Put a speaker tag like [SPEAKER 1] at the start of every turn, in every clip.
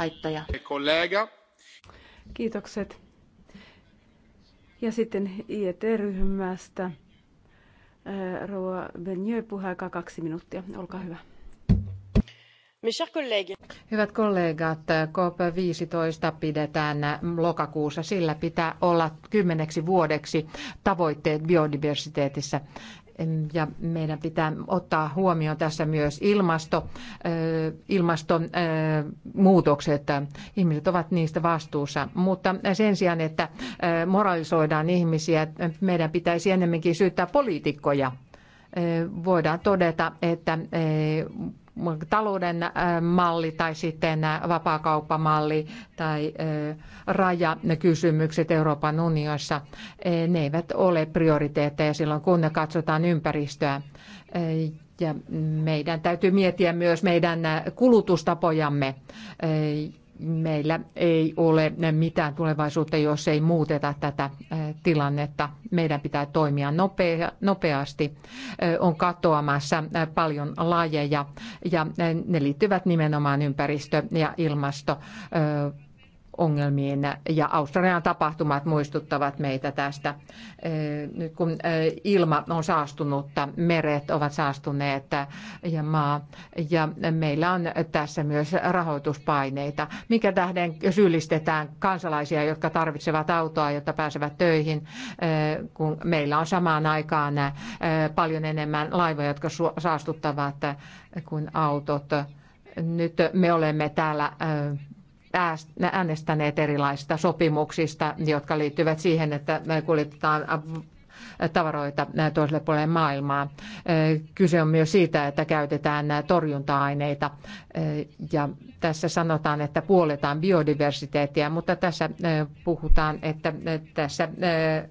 [SPEAKER 1] haittoja. Kollega.
[SPEAKER 2] Kiitokset. Ja sitten IET-ryhmästä. Äh, Rouva Benjö, puheaikaa kaksi minuuttia. Olkaa hyvä. Hyvät kollegat,
[SPEAKER 3] COP15 pidetään lokakuussa. Sillä pitää olla kymmeneksi vuodeksi tavoitteet biodiversiteetissä ja meidän pitää ottaa huomioon tässä myös ilmasto, ilmastonmuutokset. Ihmiset ovat niistä vastuussa, mutta sen sijaan, että moralisoidaan ihmisiä, meidän pitäisi enemmänkin syyttää poliitikkoja voidaan todeta, että talouden äh, malli tai sitten äh, vapaakauppamalli tai äh, rajakysymykset Euroopan unionissa, ne eivät ole prioriteetteja silloin, kun ne katsotaan ympäristöä. Ja meidän täytyy miettiä myös meidän kulutustapojamme meillä ei ole mitään tulevaisuutta, jos ei muuteta tätä tilannetta. Meidän pitää toimia nopeasti. On katoamassa paljon lajeja ja ne liittyvät nimenomaan ympäristö- ja ilmasto ongelmiin ja Australian tapahtumat muistuttavat meitä tästä. Eh, nyt kun eh, ilma on saastunutta, meret ovat saastuneet eh, ja maa ja meillä on tässä myös rahoituspaineita, mikä tähden syyllistetään kansalaisia, jotka tarvitsevat autoa, jotta pääsevät töihin, kun meillä on samaan aikaan paljon enemmän laivoja, jotka saastuttavat kuin autot. Nyt me olemme täällä äänestäneet erilaisista sopimuksista, jotka liittyvät siihen, että kuljetetaan tavaroita toiselle puolelle maailmaa. Kyse on myös siitä, että käytetään torjunta-aineita ja tässä sanotaan, että puoletaan biodiversiteettiä, mutta tässä puhutaan, että tässä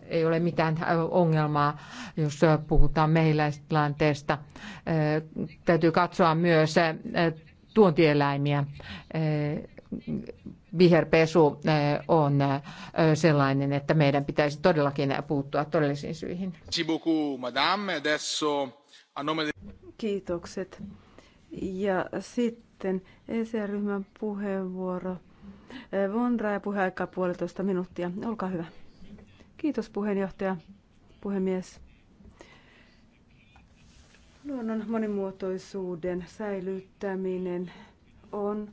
[SPEAKER 3] ei ole mitään ongelmaa, jos puhutaan mehiläistilanteesta. Täytyy katsoa myös tuontieläimiä viherpesu eh, on eh, sellainen, että meidän pitäisi todellakin
[SPEAKER 2] puuttua todellisiin syihin. Kiitokset. Ja sitten ecr ryhmän puheenvuoro. Eh, Vondra ja puheaika puolitoista minuuttia. Olkaa hyvä. Kiitos puheenjohtaja, puhemies. Luonnon monimuotoisuuden säilyttäminen on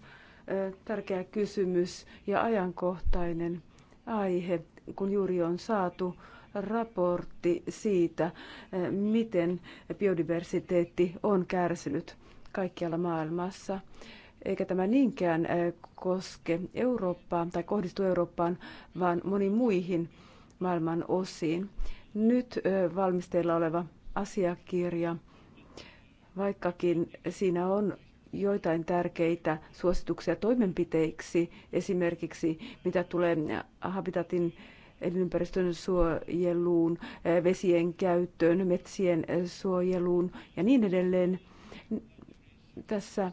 [SPEAKER 2] tärkeä kysymys ja ajankohtainen aihe, kun juuri on saatu raportti siitä, miten biodiversiteetti on kärsinyt kaikkialla maailmassa. Eikä tämä niinkään koske Eurooppaan tai kohdistu Eurooppaan, vaan moniin muihin maailman osiin. Nyt valmisteilla oleva asiakirja, vaikkakin siinä on joitain tärkeitä suosituksia toimenpiteiksi, esimerkiksi mitä tulee Habitatin elinympäristön suojeluun, vesien käyttöön, metsien suojeluun ja niin edelleen. Tässä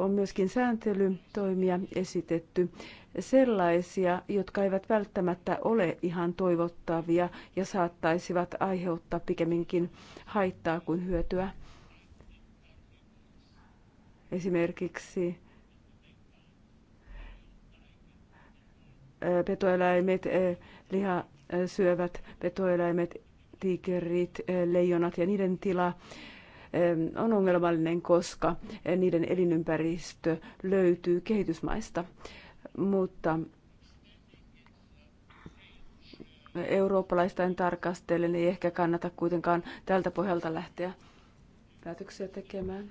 [SPEAKER 2] on myöskin sääntelytoimia esitetty sellaisia, jotka eivät välttämättä ole ihan toivottavia ja saattaisivat aiheuttaa pikemminkin haittaa kuin hyötyä Esimerkiksi petoeläimet, liha syövät petoeläimet, tiikerit, leijonat ja niiden tila on ongelmallinen, koska niiden elinympäristö löytyy kehitysmaista. Mutta eurooppalaistain tarkastellen ei ehkä kannata kuitenkaan tältä pohjalta lähteä päätöksiä tekemään.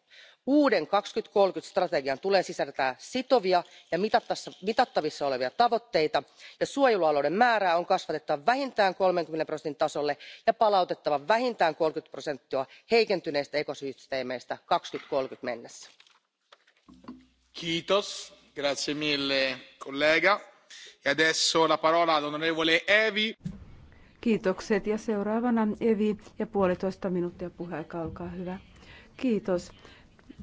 [SPEAKER 4] uuden kaksituhatta kolmekymmentä strategian tulee sisältää sitovia ja mitattavissa olevia tavoitteita ja suojelualueiden määrää on kasvatettava vähintään kolmekymmentä prosentin tasolle ja palautettava vähintään kolmekymmentä prosenttia heikentyneistä ekosysteemeistä kaksituhatta kolmekymmentä mennessä.
[SPEAKER 2] Kiitokset ja seuraavana Evi ja puolitoista minuuttia puheaikaa, olkaa hyvä. Kiitos.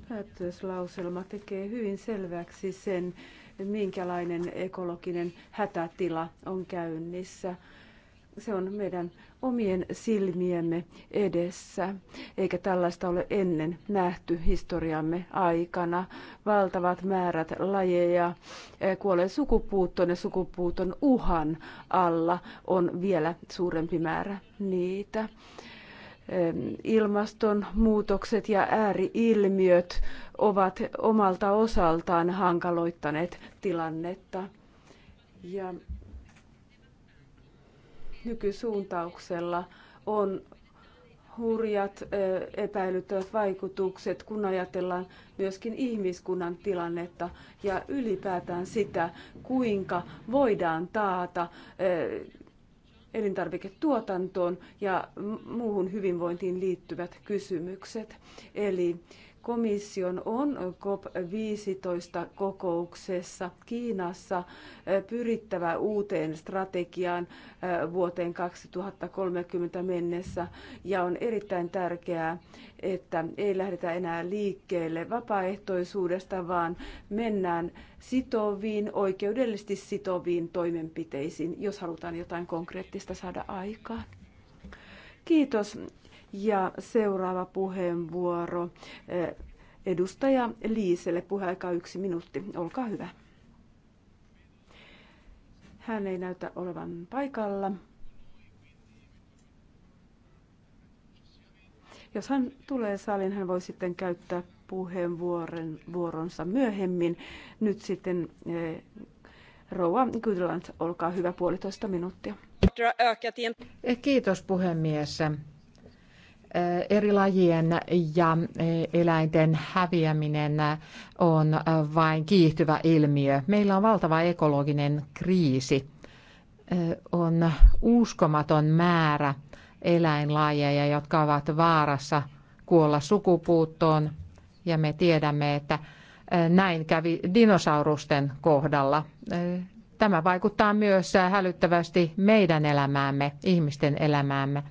[SPEAKER 2] Päätöslauselma tekee hyvin selväksi sen, minkälainen ekologinen hätätila on käynnissä. Se on meidän omien silmiemme edessä, eikä tällaista ole ennen nähty historiamme aikana. Valtavat määrät lajeja eh, kuolee sukupuuttoon ja sukupuuton uhan alla on vielä suurempi määrä niitä ilmastonmuutokset ja ääriilmiöt ovat omalta osaltaan hankaloittaneet tilannetta. Ja nykysuuntauksella on hurjat epäilyttävät vaikutukset, kun ajatellaan myöskin ihmiskunnan tilannetta ja ylipäätään sitä, kuinka voidaan taata elintarviketuotantoon ja muuhun hyvinvointiin liittyvät kysymykset. Eli komission on COP15 kokouksessa Kiinassa eh, pyrittävä uuteen strategiaan eh, vuoteen 2030 mennessä ja on erittäin tärkeää, että ei lähdetä enää liikkeelle vapaaehtoisuudesta, vaan mennään sitoviin, oikeudellisesti sitoviin toimenpiteisiin, jos halutaan jotain konkreettista saada aikaan. Kiitos ja seuraava puheenvuoro eh, edustaja Liiselle. Puheaika yksi minuutti. Olkaa hyvä. Hän ei näytä olevan paikalla. Jos hän tulee saliin, hän voi sitten käyttää puheenvuoronsa myöhemmin. Nyt sitten eh, Rouva Gudland, olkaa hyvä puolitoista minuuttia.
[SPEAKER 3] Kiitos puhemies eri lajien ja eläinten häviäminen on vain kiihtyvä ilmiö. Meillä on valtava ekologinen kriisi. On uskomaton määrä eläinlajeja, jotka ovat vaarassa kuolla sukupuuttoon. Ja me tiedämme, että näin kävi dinosaurusten kohdalla. Tämä vaikuttaa myös hälyttävästi meidän elämäämme, ihmisten elämäämme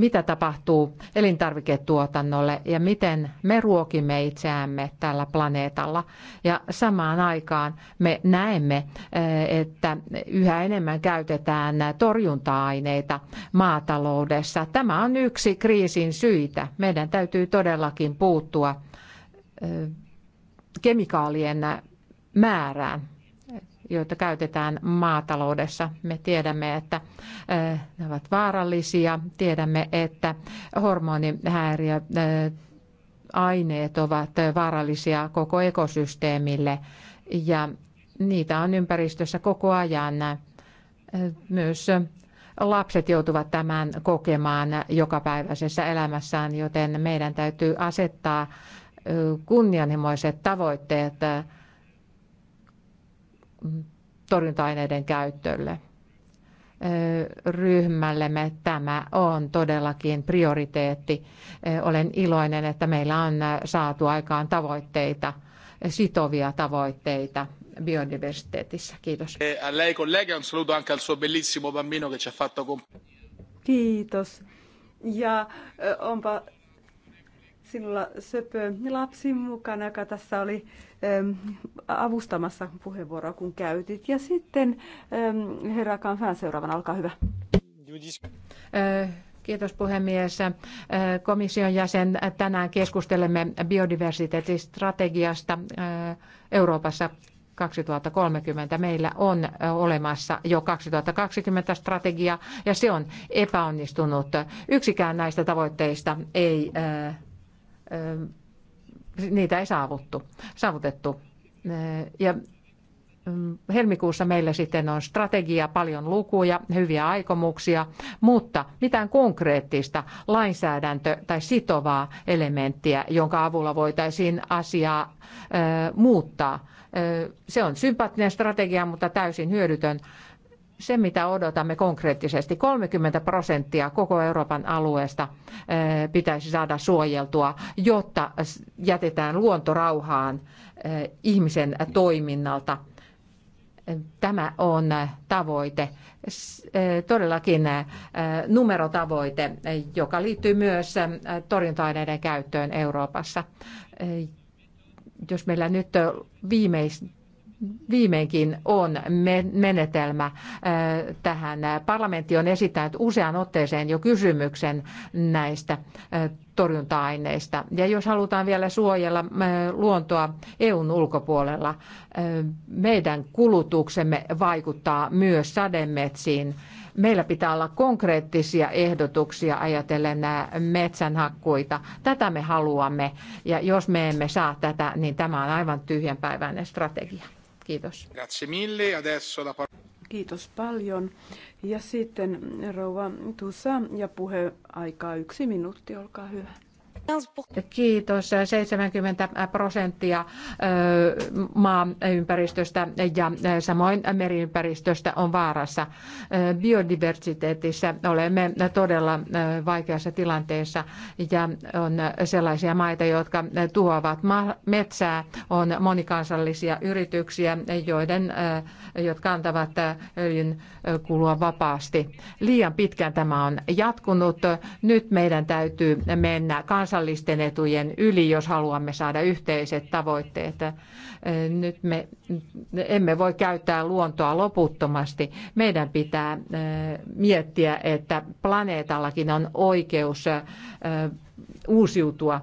[SPEAKER 3] mitä tapahtuu elintarviketuotannolle ja miten me ruokimme itseämme tällä planeetalla. Ja samaan aikaan me näemme, eh, että yhä enemmän käytetään torjunta-aineita maataloudessa. Tämä on yksi kriisin syitä. Meidän täytyy todellakin puuttua eh, kemikaalien määrään joita käytetään maataloudessa. Me tiedämme, että ne ovat vaarallisia. Tiedämme, että hormonihäiriö aineet ovat vaarallisia koko ekosysteemille ja niitä on ympäristössä koko ajan. Myös lapset joutuvat tämän kokemaan jokapäiväisessä elämässään, joten meidän täytyy asettaa kunnianhimoiset tavoitteet torjunta-aineiden käyttölle ryhmällemme tämä on todellakin prioriteetti. Olen iloinen, että meillä on saatu aikaan tavoitteita, sitovia tavoitteita biodiversiteetissä. Kiitos.
[SPEAKER 1] E, a lei collega un saluto anche al suo bellissimo bambino che ci ha fatto
[SPEAKER 2] Kiitos. Ja onpa sinulla söpö lapsi mukana, joka tässä oli Ähm, avustamassa puheenvuoroa, kun käytit. Ja sitten ähm, herra Kanfään seuraavana, olkaa hyvä. Äh,
[SPEAKER 3] kiitos puhemies. Äh, komission jäsen, tänään keskustelemme biodiversiteettistrategiasta äh, Euroopassa 2030. Meillä on olemassa jo 2020 strategia ja se on epäonnistunut. Yksikään näistä tavoitteista ei niitä ei saavuttu, saavutettu. Ja mm, helmikuussa meillä sitten on strategia, paljon lukuja, hyviä aikomuksia, mutta mitään konkreettista lainsäädäntö- tai sitovaa elementtiä, jonka avulla voitaisiin asiaa muuttaa. se on sympaattinen strategia, mutta täysin hyödytön se, mitä odotamme konkreettisesti, 30 prosenttia koko Euroopan alueesta eh, pitäisi saada suojeltua, jotta jätetään luontorauhaan eh, ihmisen toiminnalta. Tämä on eh, tavoite, todellakin numerotavoite, joka liittyy myös torjunta-aineiden käyttöön Euroopassa. Jos meillä nyt viimeistään viimeinkin on menetelmä tähän. Parlamentti on esittänyt usean otteeseen jo kysymyksen näistä torjunta-aineista. Ja jos halutaan vielä suojella luontoa EUn ulkopuolella, meidän kulutuksemme vaikuttaa myös sademetsiin. Meillä pitää olla konkreettisia ehdotuksia ajatellen metsänhakkuita. Tätä me haluamme ja jos me emme saa tätä, niin tämä on aivan tyhjänpäiväinen strategia. Kiitos.
[SPEAKER 2] Kiitos paljon. Ja sitten rouva Tusa ja puheaikaa yksi minuutti, olkaa hyvä. Kiitos.
[SPEAKER 3] 70 prosenttia maaympäristöstä ja samoin meriympäristöstä on vaarassa. Biodiversiteetissä olemme todella vaikeassa tilanteessa ja on sellaisia maita, jotka tuovat metsää, on monikansallisia yrityksiä, joiden, jotka antavat öljyn kulua vapaasti. Liian pitkään tämä on jatkunut. Nyt meidän täytyy mennä kansallisten etujen yli, jos haluamme saada yhteiset tavoitteet. Nyt me emme voi käyttää luontoa loputtomasti. Meidän pitää miettiä, että planeetallakin on oikeus uusiutua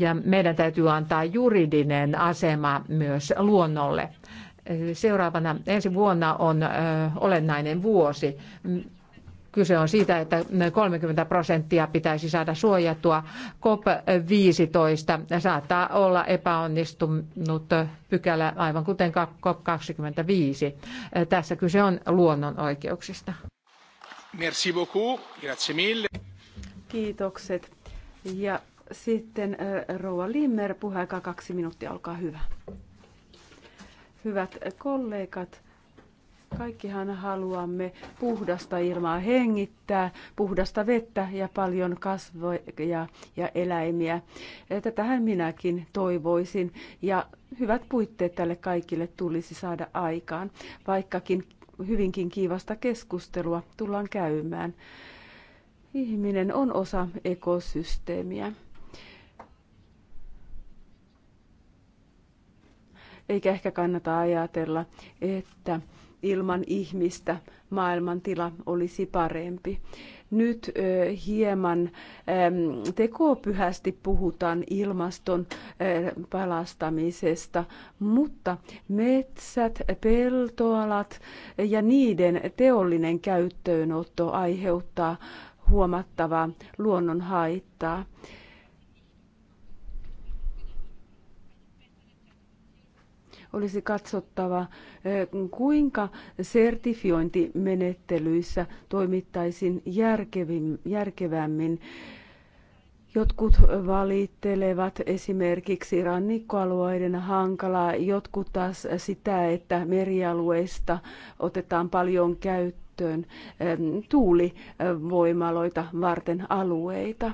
[SPEAKER 3] ja meidän täytyy antaa juridinen asema myös luonnolle. Seuraavana ensi vuonna on olennainen vuosi. Kyse on siitä, että 30 prosenttia pitäisi saada suojattua. COP15 saattaa olla epäonnistunut pykälä, aivan kuten COP25. Tässä kyse on luonnon oikeuksista.
[SPEAKER 2] Merci beaucoup. Grazie mille. Kiitokset. Ja sitten äh, Rouva Limmer, puheaika kaksi minuuttia, olkaa hyvä. Hyvät kollegat, Kaikkihan haluamme puhdasta ilmaa hengittää, puhdasta vettä ja paljon kasvoja ja eläimiä. Tätähän minäkin toivoisin ja hyvät puitteet tälle kaikille tulisi saada aikaan, vaikkakin hyvinkin kiivasta keskustelua tullaan käymään. Ihminen on osa ekosysteemiä. eikä ehkä kannata ajatella, että ilman ihmistä maailmantila olisi parempi. Nyt hieman tekopyhästi puhutaan ilmaston palastamisesta, mutta metsät, peltoalat ja niiden teollinen käyttöönotto aiheuttaa huomattavaa luonnon haittaa. olisi katsottava, kuinka sertifiointimenettelyissä toimittaisiin järkevämmin. Jotkut valittelevat esimerkiksi rannikkoalueiden hankalaa, jotkut taas sitä, että merialueista otetaan paljon käyttöön tuulivoimaloita varten alueita.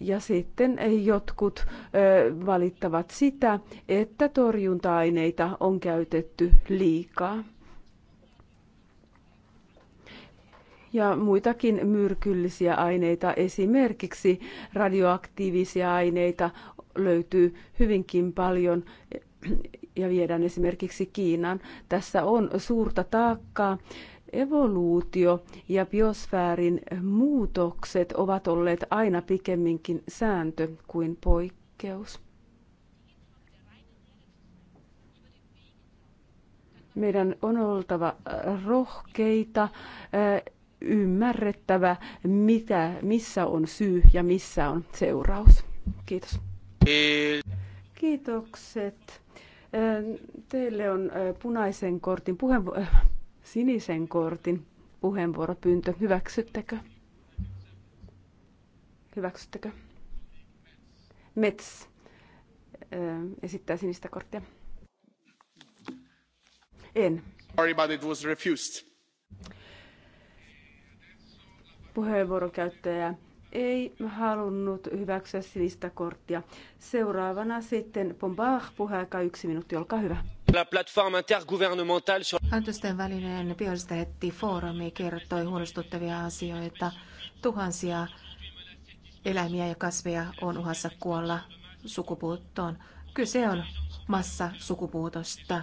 [SPEAKER 2] Ja sitten jotkut valittavat sitä, että torjunta-aineita on käytetty liikaa. ja muitakin myrkyllisiä aineita, esimerkiksi radioaktiivisia aineita löytyy hyvinkin paljon ja viedään esimerkiksi Kiinaan. Tässä on suurta taakkaa Evoluutio ja biosfäärin muutokset ovat olleet aina pikemminkin sääntö kuin poikkeus. Meidän on oltava rohkeita, ymmärrettävä, mitä, missä on syy ja missä on seuraus. Kiitos. Kiitokset. Teille on punaisen kortin puheenvuoro sinisen kortin puheenvuoropyyntö. Hyväksyttekö? Hyväksyttekö? Mets esittää sinistä korttia. En.
[SPEAKER 1] Sorry, but it was refused.
[SPEAKER 2] Puheenvuoron käyttäjä ei halunnut hyväksyä sinistä korttia. Seuraavana sitten Bombard, puheaika yksi minuutti, olkaa hyvä.
[SPEAKER 5] Hallitusten välinen biodiversiteettifoorumi kertoi huolestuttavia asioita. Tuhansia eläimiä ja kasveja on uhassa kuolla sukupuuttoon. Kyse on massa sukupuutosta.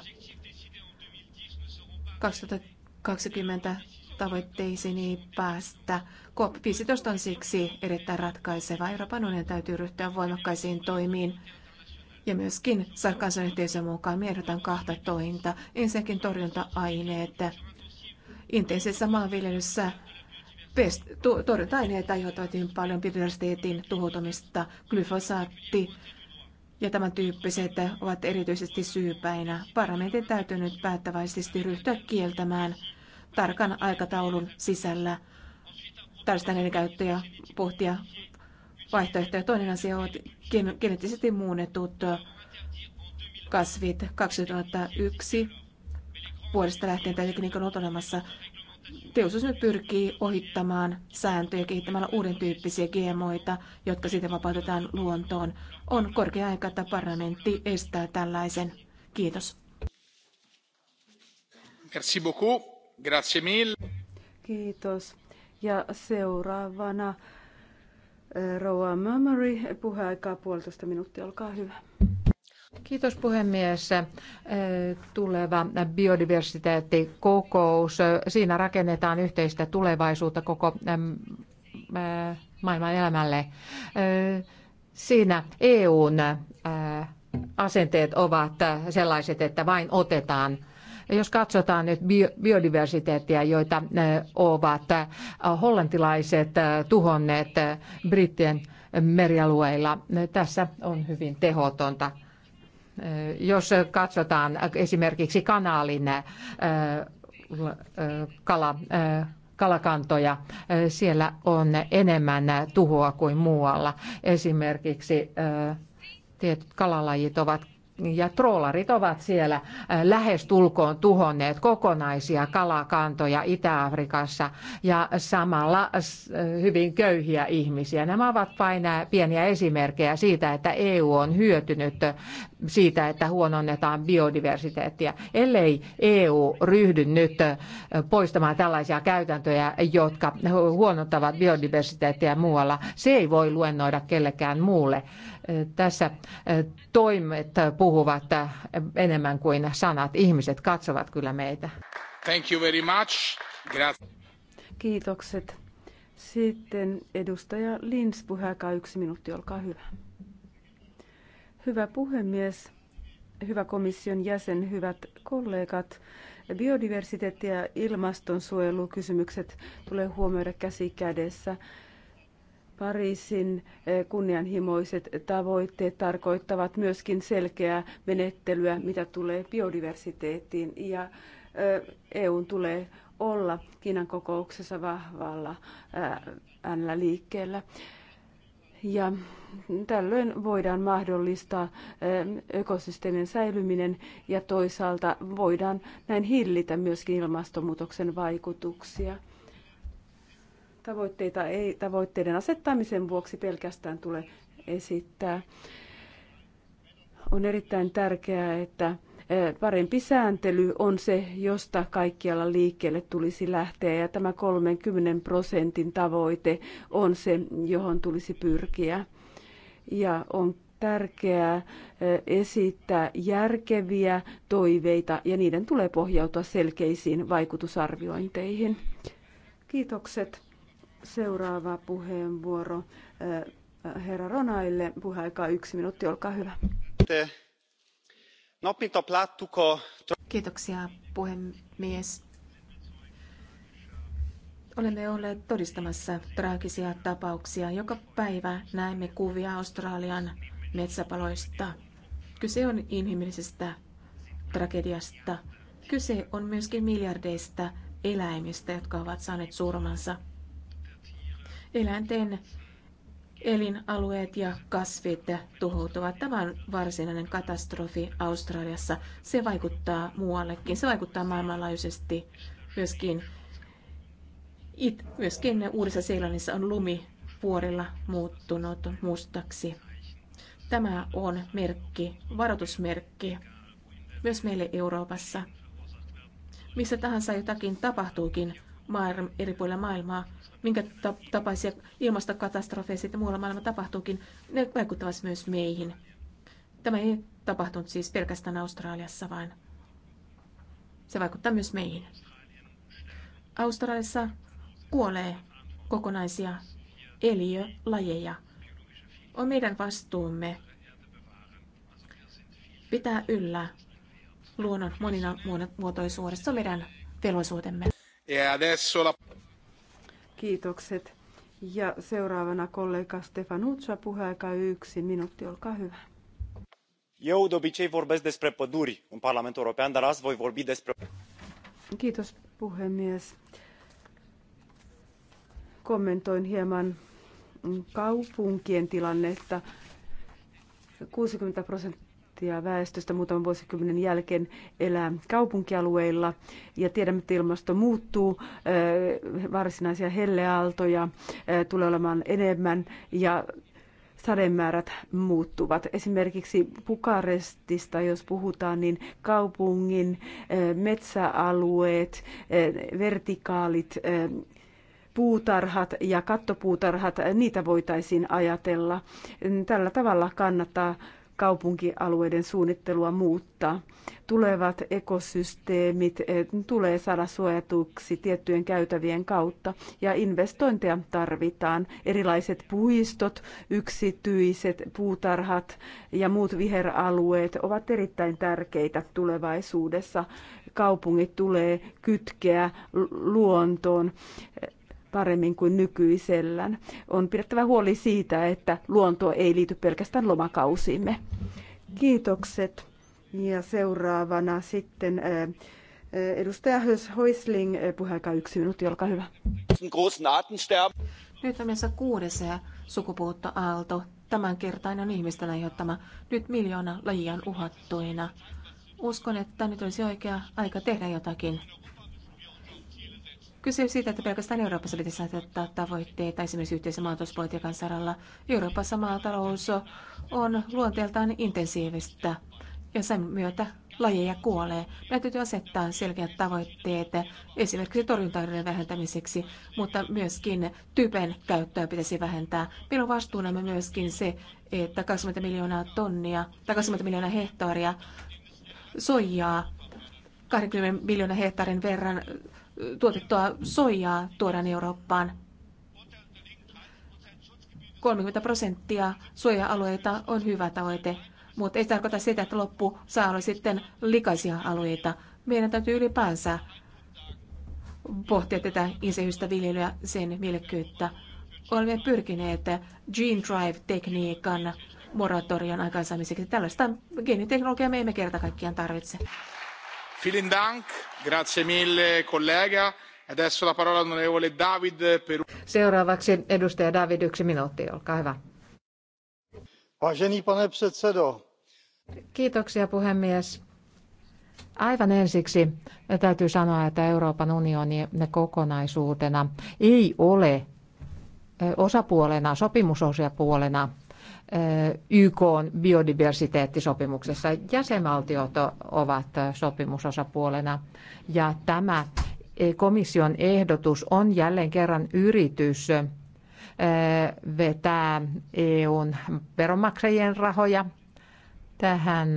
[SPEAKER 5] 2020 tavoitteisiin ei päästä. COP15 on siksi erittäin ratkaiseva. Euroopan unionin täytyy ryhtyä voimakkaisiin toimiin ja myöskin saada kansanyhteisön mukaan. miehdotan kahta tointa. Ensinnäkin torjunta-aineet. Intensiivisessä maanviljelyssä torjunta-aineet aiheuttavat hyvin paljon biodiversiteetin tuhoutumista, glyfosaatti ja tämän tyyppiset ovat erityisesti syypäinä. Parlamentin täytyy nyt päättäväisesti ryhtyä kieltämään tarkan aikataulun sisällä tällaista käyttöä pohtia vaihtoehtoja. Toinen asia on geneettisesti muunnetut kasvit 2001 vuodesta lähtien tämä tekniikka on olemassa. Teollisuus nyt pyrkii ohittamaan sääntöjä kehittämällä uuden tyyppisiä GMOita, jotka sitten vapautetaan luontoon. On korkea aika, että parlamentti estää tällaisen. Kiitos.
[SPEAKER 1] Merci beaucoup. Grazie mille.
[SPEAKER 2] Kiitos. Ja seuraavana Rouva Mamari, puheaikaa puolitoista minuuttia, olkaa hyvä.
[SPEAKER 3] Kiitos puhemies. Tuleva biodiversiteettikokous, siinä rakennetaan yhteistä tulevaisuutta koko maailman elämälle. Siinä EUn asenteet ovat sellaiset, että vain otetaan – jos katsotaan nyt biodiversiteettiä, joita ovat hollantilaiset tuhonneet brittien merialueilla, tässä on hyvin tehotonta jos katsotaan esimerkiksi kanaalin kala, kalakantoja, siellä on enemmän tuhoa kuin muualla. Esimerkiksi tietyt kalalajit ovat ja troolarit ovat siellä äh, lähes tulkoon tuhonneet kokonaisia kalakantoja Itä-Afrikassa ja samalla äh, äh, hyvin köyhiä ihmisiä. Nämä ovat vain pieniä esimerkkejä siitä, että EU on hyötynyt siitä, että huononnetaan biodiversiteettiä. Ellei EU ryhdy nyt poistamaan tällaisia käytäntöjä, jotka huonontavat biodiversiteettiä muualla, se ei voi luennoida kellekään muulle. Tässä toimet puhuvat enemmän kuin sanat. Ihmiset katsovat kyllä
[SPEAKER 2] meitä.
[SPEAKER 1] Thank you very much.
[SPEAKER 2] Kiitokset. Sitten edustaja Lins puheaika yksi minuutti, olkaa hyvä. Hyvä puhemies, hyvä komission jäsen, hyvät kollegat. Biodiversiteetti ja ilmastonsuojelukysymykset tulee huomioida käsi kädessä. Pariisin eh, kunnianhimoiset tavoitteet tarkoittavat myöskin selkeää menettelyä, mitä tulee biodiversiteettiin ja EUn eh, e tulee olla Kiinan kokouksessa vahvalla eh, äänellä liikkeellä. Ja tällöin voidaan mahdollistaa ekosysteemin säilyminen ja toisaalta voidaan näin hillitä myöskin ilmastonmuutoksen vaikutuksia. Tavoitteita ei tavoitteiden asettamisen vuoksi pelkästään tule esittää. On erittäin tärkeää, että parempi sääntely on se, josta kaikkialla liikkeelle tulisi lähteä. Ja tämä 30 prosentin tavoite on se, johon tulisi pyrkiä. Ja on tärkeää esittää järkeviä toiveita ja niiden tulee pohjautua selkeisiin vaikutusarviointeihin. Kiitokset Seuraava puheenvuoro äh, herra Ronaille. Puheaika yksi minuutti, olkaa hyvä. Kiitoksia
[SPEAKER 5] puhemies. Olemme olleet todistamassa traagisia tapauksia. Joka päivä näemme kuvia Australian metsäpaloista. Kyse on inhimillisestä tragediasta. Kyse on myöskin miljardeista eläimistä, jotka ovat saaneet surmansa eläinten elinalueet ja kasvit tuhoutuvat. Tämä on varsinainen katastrofi Australiassa. Se vaikuttaa muuallekin. Se vaikuttaa maailmanlaajuisesti myöskin. It, myöskin Uudessa Seilannissa on lumi vuorilla muuttunut mustaksi. Tämä on merkki, varoitusmerkki myös meille Euroopassa. Missä tahansa jotakin tapahtuukin, eri puolilla maailmaa, minkä tapaisia ilmastokatastrofeja sitten muualla maailmassa tapahtuukin, ne vaikuttavat myös meihin. Tämä ei tapahtunut siis pelkästään Australiassa, vaan se vaikuttaa myös meihin. Australiassa kuolee kokonaisia eliölajeja. On meidän vastuumme pitää yllä luonnon moninamuotoisuudesta.
[SPEAKER 2] Se on meidän velvollisuutemme. Kiitokset. Ja seuraavana kollega Stefanuccia, puheaika yksi minuutti, olkaa hyvä.
[SPEAKER 6] Eu de obicei vorbesc despre păduri în Parlamentul European, dar azi voi vorbi despre...
[SPEAKER 2] Kiitos puhemies. Kommentoin hieman kaupunkien tilannetta. 60 prosenttia prosenttia väestöstä muutaman vuosikymmenen jälkeen elää kaupunkialueilla. Ja tiedämme, että ilmasto muuttuu, varsinaisia helleaaltoja tulee olemaan enemmän ja sademäärät muuttuvat. Esimerkiksi Bukarestista, jos puhutaan, niin kaupungin metsäalueet, vertikaalit puutarhat ja kattopuutarhat, niitä voitaisiin ajatella. Tällä tavalla kannattaa kaupunkialueiden suunnittelua muuttaa. Tulevat ekosysteemit eh, tulee saada suojatuksi tiettyjen käytävien kautta ja investointeja tarvitaan. Erilaiset puistot, yksityiset puutarhat ja muut viheralueet ovat erittäin tärkeitä tulevaisuudessa. Kaupungit tulee kytkeä luontoon paremmin kuin nykyisellään. On pidettävä huoli siitä, että luonto ei liity pelkästään lomakausiimme. Kiitokset. Ja seuraavana sitten edustaja Hoisling, puheaika yksi minuutti, olkaa hyvä.
[SPEAKER 5] Nyt on meissä kuudes sukupuuttoaalto. Tämänkertainen on ihmisten aiheuttama. Nyt miljoona lajia uhattuina. Uskon, että nyt olisi oikea aika tehdä jotakin. Kyse siitä, että pelkästään Euroopassa pitäisi asettaa tavoitteita esimerkiksi yhteisen maatalouspolitiikan saralla. Euroopassa maatalous on luonteeltaan intensiivistä ja sen myötä lajeja kuolee. Meidän täytyy asettaa selkeät tavoitteet esimerkiksi torjuntaiden vähentämiseksi, mutta myöskin typen käyttöä pitäisi vähentää. Meillä on vastuunamme myöskin se, että 20 miljoonaa tonnia tai 20 miljoonaa hehtaaria soijaa 20 miljoonaa hehtaarin verran tuotettua soijaa tuodaan Eurooppaan. 30 prosenttia suoja-alueita on hyvä tavoite, mutta ei tarkoita sitä, että loppu saa olla sitten likaisia alueita. Meidän täytyy ylipäänsä pohtia tätä insehystä viljelyä, sen mielekkyyttä. Olemme pyrkineet gene drive-tekniikan moratorion aikaansaamiseksi. Tällaista geeniteknologiaa me emme kerta kaikkiaan tarvitse.
[SPEAKER 3] Seuraavaksi edustaja David, yksi minuutti, olkaa hyvä. Vážený pane předsedo. Kiitoksia puhemies. Aivan ensiksi täytyy sanoa, että Euroopan unioni kokonaisuutena ei ole osapuolena, sopimusosapuolena YK biodiversiteettisopimuksessa. Jäsenvaltiot ovat sopimusosapuolena ja tämä e, komission ehdotus on jälleen kerran yritys vetää EUn veronmaksajien rahoja tähän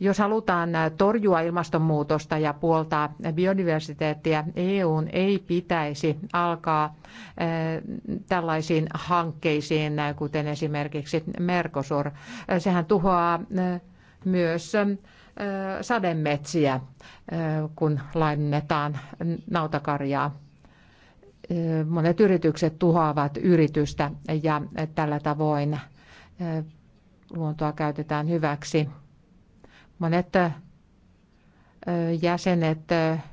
[SPEAKER 3] jos halutaan torjua ilmastonmuutosta ja puoltaa biodiversiteettiä, EUn ei pitäisi alkaa eh, tällaisiin hankkeisiin, kuten esimerkiksi Mercosur. Sehän tuhoaa eh, myös eh, sademetsiä, kun laimennetaan nautakarjaa. Monet yritykset tuhoavat yritystä ja tällä tavoin luontoa käytetään hyväksi. Monet jäsenet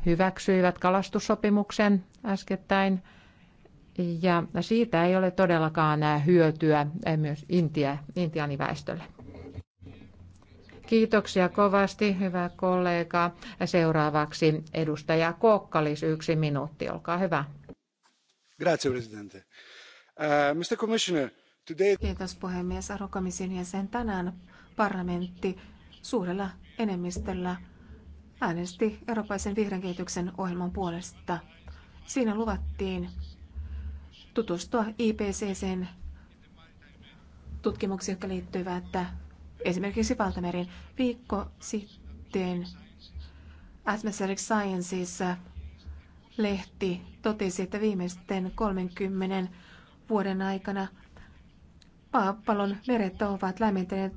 [SPEAKER 3] hyväksyivät kalastussopimuksen äskettäin. Ja siitä ei ole todellakaan hyötyä myös Intia, intiaaniväestölle. Kiitoksia kovasti, hyvä kollega. Seuraavaksi edustaja Kokkalis, yksi minuutti, olkaa hyvä.
[SPEAKER 7] Grazie, presidente. Uh, eh, Mr. Commissioner, today...
[SPEAKER 3] Kiitos puhemies. Arvokomission jäsen tänään
[SPEAKER 5] parlamentti suurella enemmistöllä äänesti eurooppalaisen vihreän kehityksen ohjelman puolesta. Siinä luvattiin tutustua IPCCn tutkimuksiin, jotka liittyvät esimerkiksi Valtameriin. Viikko sitten Atmospheric Sciences lehti totesi, että viimeisten 30 vuoden aikana Pallon meret ovat lämmenneet,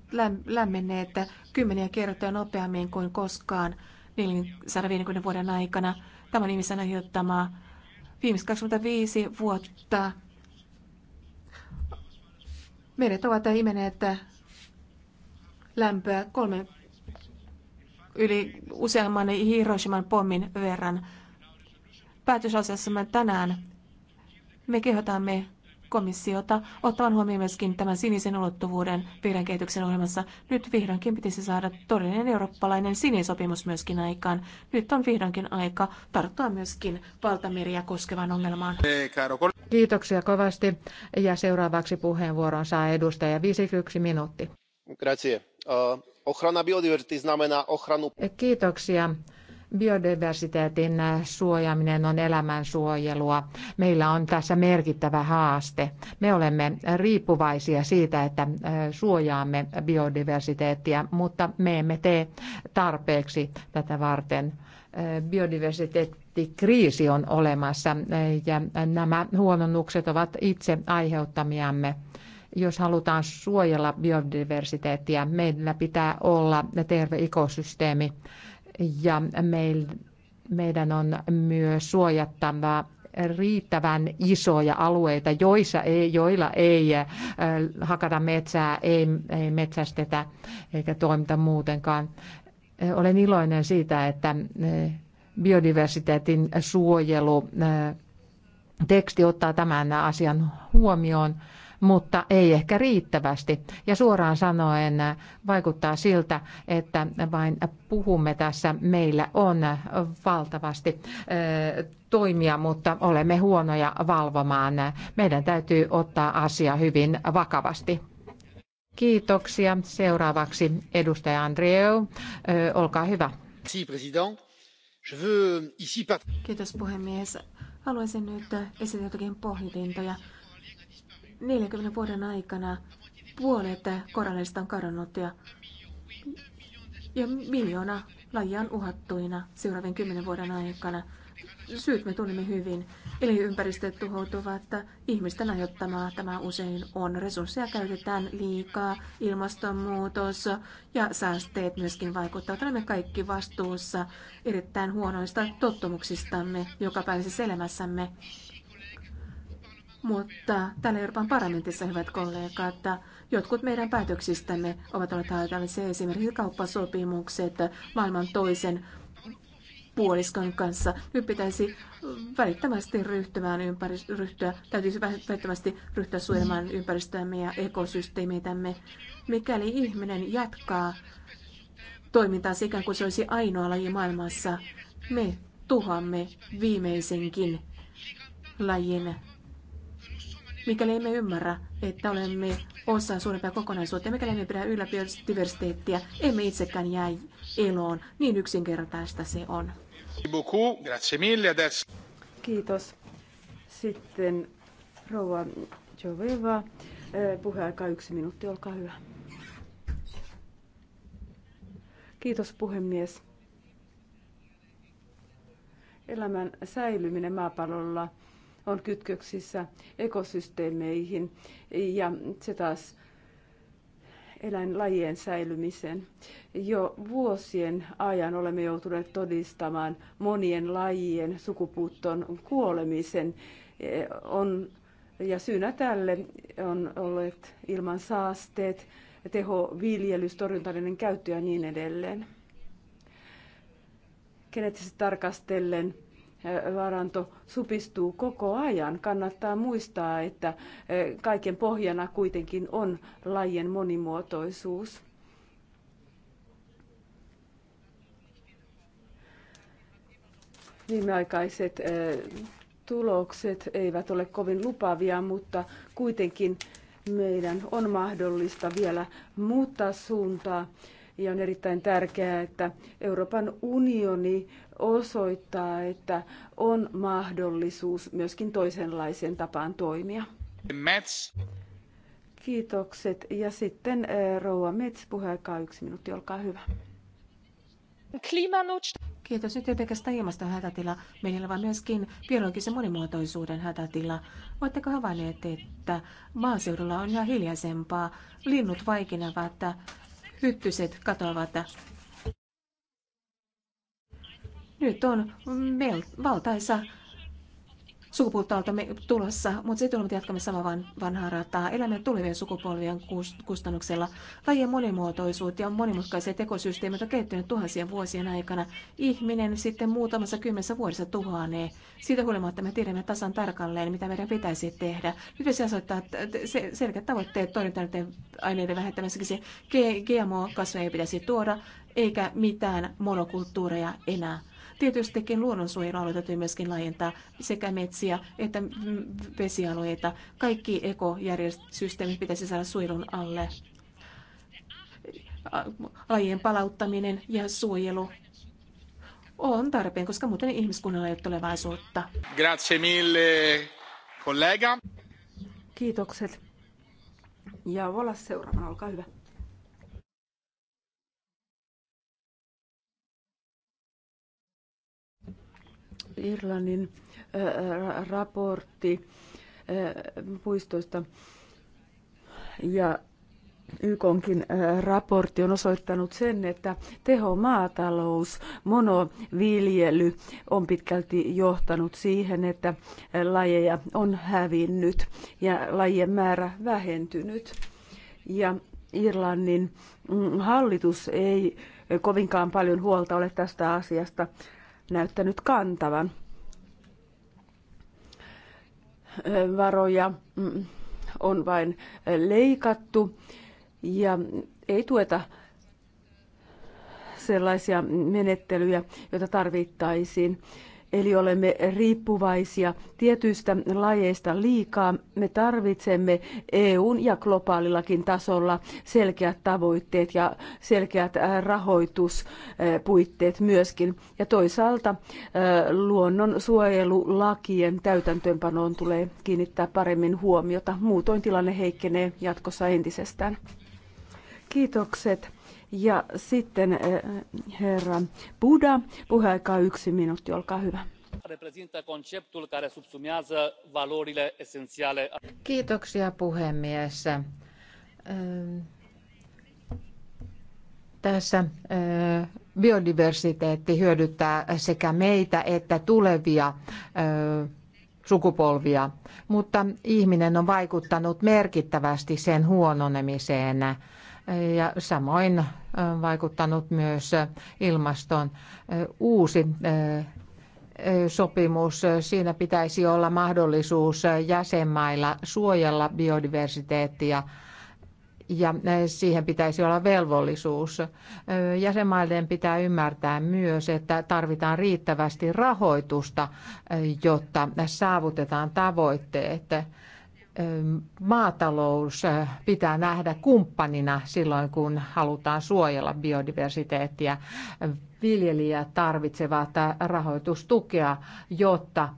[SPEAKER 5] lämmenneet kymmeniä kertoja nopeammin kuin koskaan 450 vuoden aikana. Tämä on ihmisen aiheuttama viimeiset 25 vuotta. Meret ovat imeneet lämpöä kolme yli useamman Hiroshiman pommin verran. Päätösasiassamme tänään me kehotamme komissiota ottamaan huomioon myöskin tämän sinisen ulottuvuuden vihreän kehityksen ohjelmassa. Nyt vihdoinkin pitäisi saada todellinen eurooppalainen sinisopimus myöskin aikaan. Nyt on vihdoinkin aika tarttua
[SPEAKER 3] myöskin valtameriä koskevaan ongelmaan. Kiitoksia kovasti. Ja seuraavaksi puheenvuoron saa edustaja 51 minuutti.
[SPEAKER 2] Grazie. Uh, ochrana biodiversity ochranu...
[SPEAKER 3] Kiitoksia. Biodiversiteetin äh, suojaaminen on elämänsuojelua. Meillä on tässä merkittävä haaste. Me olemme riippuvaisia siitä, että äh, suojaamme biodiversiteettiä, mutta me emme tee tarpeeksi tätä varten. Äh, biodiversiteettikriisi on olemassa ja nämä huononnukset ovat itse aiheuttamiamme jos halutaan suojella biodiversiteettiä, meillä pitää olla terve ekosysteemi ja meidän on myös suojattava riittävän isoja alueita, joissa ei, joilla ei hakata metsää, ei, ei metsästetä eikä toimita muutenkaan. Olen iloinen siitä, että biodiversiteetin suojelu teksti ottaa tämän asian huomioon mutta ei ehkä riittävästi. Ja suoraan sanoen vaikuttaa siltä, että vain puhumme tässä. Meillä on valtavasti toimia, mutta olemme huonoja valvomaan. Meidän täytyy ottaa asia hyvin vakavasti. Kiitoksia. Seuraavaksi edustaja Andreu, olkaa hyvä.
[SPEAKER 5] Kiitos puhemies. Haluaisin nyt esittää jotakin pohjitintoja. 40 vuoden aikana puolet koralleista on kadonnut ja, ja miljoona lajia on uhattuina seuraavien kymmenen vuoden aikana. Syyt me tunnemme hyvin, eli ympäristöt tuhoutuvat, ihmisten aiheuttamaa tämä usein on. Resursseja käytetään liikaa, ilmastonmuutos ja säästeet myöskin vaikuttavat. Olemme kaikki vastuussa erittäin huonoista tottumuksistamme jokapäiväisessä elämässämme. Mutta täällä Euroopan parlamentissa, hyvät kollegat, jotkut meidän päätöksistämme ovat olleet haitallisia. Esimerkiksi kauppasopimukset maailman toisen puoliskon kanssa. Nyt pitäisi välittömästi ryhtymään ympärist- ryhtyä, täytyisi välittömästi ryhtyä suojelemaan ympäristöämme ja ekosysteemeitämme. Mikäli ihminen jatkaa toimintaa ikään kuin se olisi ainoa laji maailmassa, me tuhoamme viimeisenkin lajin mikäli emme ymmärrä, että olemme osa suurempia kokonaisuutta, mikäli emme pidä yllä biodiversiteettiä, emme itsekään jää eloon. Niin yksinkertaista se on.
[SPEAKER 2] Kiitos. Sitten rouva Joveva, puheaika yksi minuutti, olkaa hyvä. Kiitos puhemies. Elämän säilyminen maapallolla – on kytköksissä ekosysteemeihin ja se taas eläinlajien säilymisen. Jo vuosien ajan olemme joutuneet todistamaan monien lajien sukupuuttoon kuolemisen. Eh, on, ja syynä tälle on ollut ilman saasteet, teho, viljelys, torjuntallinen käyttö ja niin edelleen. Geneettisesti tarkastellen varanto supistuu koko ajan. Kannattaa muistaa, että kaiken pohjana kuitenkin on lajien monimuotoisuus. Viimeaikaiset tulokset eivät ole kovin lupavia, mutta kuitenkin meidän on mahdollista vielä muuttaa suuntaa. Ja on erittäin tärkeää, että Euroopan unioni osoittaa, että on mahdollisuus myöskin toisenlaiseen tapaan toimia.
[SPEAKER 1] Mets.
[SPEAKER 2] Kiitokset. Ja sitten eh, Rouva Mets, puheaikaa yksi minuutti, olkaa hyvä.
[SPEAKER 5] Kiitos. Nyt ei pelkästään ilmaston hätätila meillä, vaan myöskin biologisen monimuotoisuuden hätätila. Oletteko havainneet, että maaseudulla on ihan hiljaisempaa, linnut vaikenevat, hyttyset katoavat, nyt on valtaisa sukupuuttoaaltomme tulossa, mutta se tulemme jatkamme samaa van, vanhaa rataa. Elämme tulevien sukupolvien kustannuksella. Lajien monimuotoisuus ja monimutkaiset ekosysteemit on kehittynyt tuhansien vuosien aikana. Ihminen sitten muutamassa kymmenessä vuodessa tuhanee. Siitä huolimatta me tiedämme tasan tarkalleen, mitä meidän pitäisi tehdä. Nyt se asettaa selkeät tavoitteet torjuntaneiden aineiden vähentämiseksi. GMO-kasveja ei pitäisi tuoda, eikä mitään monokulttuureja enää Tietystikin luonnonsuojelualueita täytyy myöskin laajentaa sekä metsiä että vesialueita. Kaikki ekojärjestysysteemit pitäisi saada suojelun alle. Lajien palauttaminen ja suojelu on tarpeen, koska muuten ihmiskunnalla
[SPEAKER 2] ei ole tulevaisuutta.
[SPEAKER 1] Grazie mille, collega.
[SPEAKER 2] Kiitokset. Ja Volas seuraava, olkaa hyvä. Irlannin raportti puistoista ja YKonkin raportti on osoittanut sen, että tehomaatalous, monoviljely on pitkälti johtanut siihen, että lajeja on hävinnyt ja lajien määrä vähentynyt. Ja Irlannin mm, hallitus ei kovinkaan paljon huolta ole tästä asiasta näyttänyt kantavan varoja mm, on vain leikattu ja ei tueta sellaisia menettelyjä, joita tarvittaisiin eli olemme riippuvaisia tietyistä lajeista liikaa. Me tarvitsemme EUn ja globaalillakin tasolla selkeät tavoitteet ja selkeät äh, rahoituspuitteet myöskin. Ja toisaalta äh, luonnonsuojelulakien täytäntöönpanoon tulee kiinnittää paremmin huomiota. Muutoin tilanne heikkenee jatkossa entisestään. Kiitokset ja sitten eh, herra Buda, puheaikaa yksi minuutti, olkaa hyvä. Kiitoksia
[SPEAKER 3] puhemies. Ehm, tässä eh, biodiversiteetti hyödyttää sekä meitä että tulevia eh, sukupolvia, mutta ihminen on vaikuttanut merkittävästi sen huononemiseen ja samoin vaikuttanut myös ilmaston uusi sopimus. Siinä pitäisi olla mahdollisuus jäsenmailla suojella biodiversiteettia ja siihen pitäisi olla velvollisuus. Jäsenmaiden pitää ymmärtää myös, että tarvitaan riittävästi rahoitusta, jotta saavutetaan tavoitteet maatalous pitää nähdä kumppanina silloin, kun halutaan suojella biodiversiteettiä. Viljelijät tarvitsevat rahoitustukea, jotta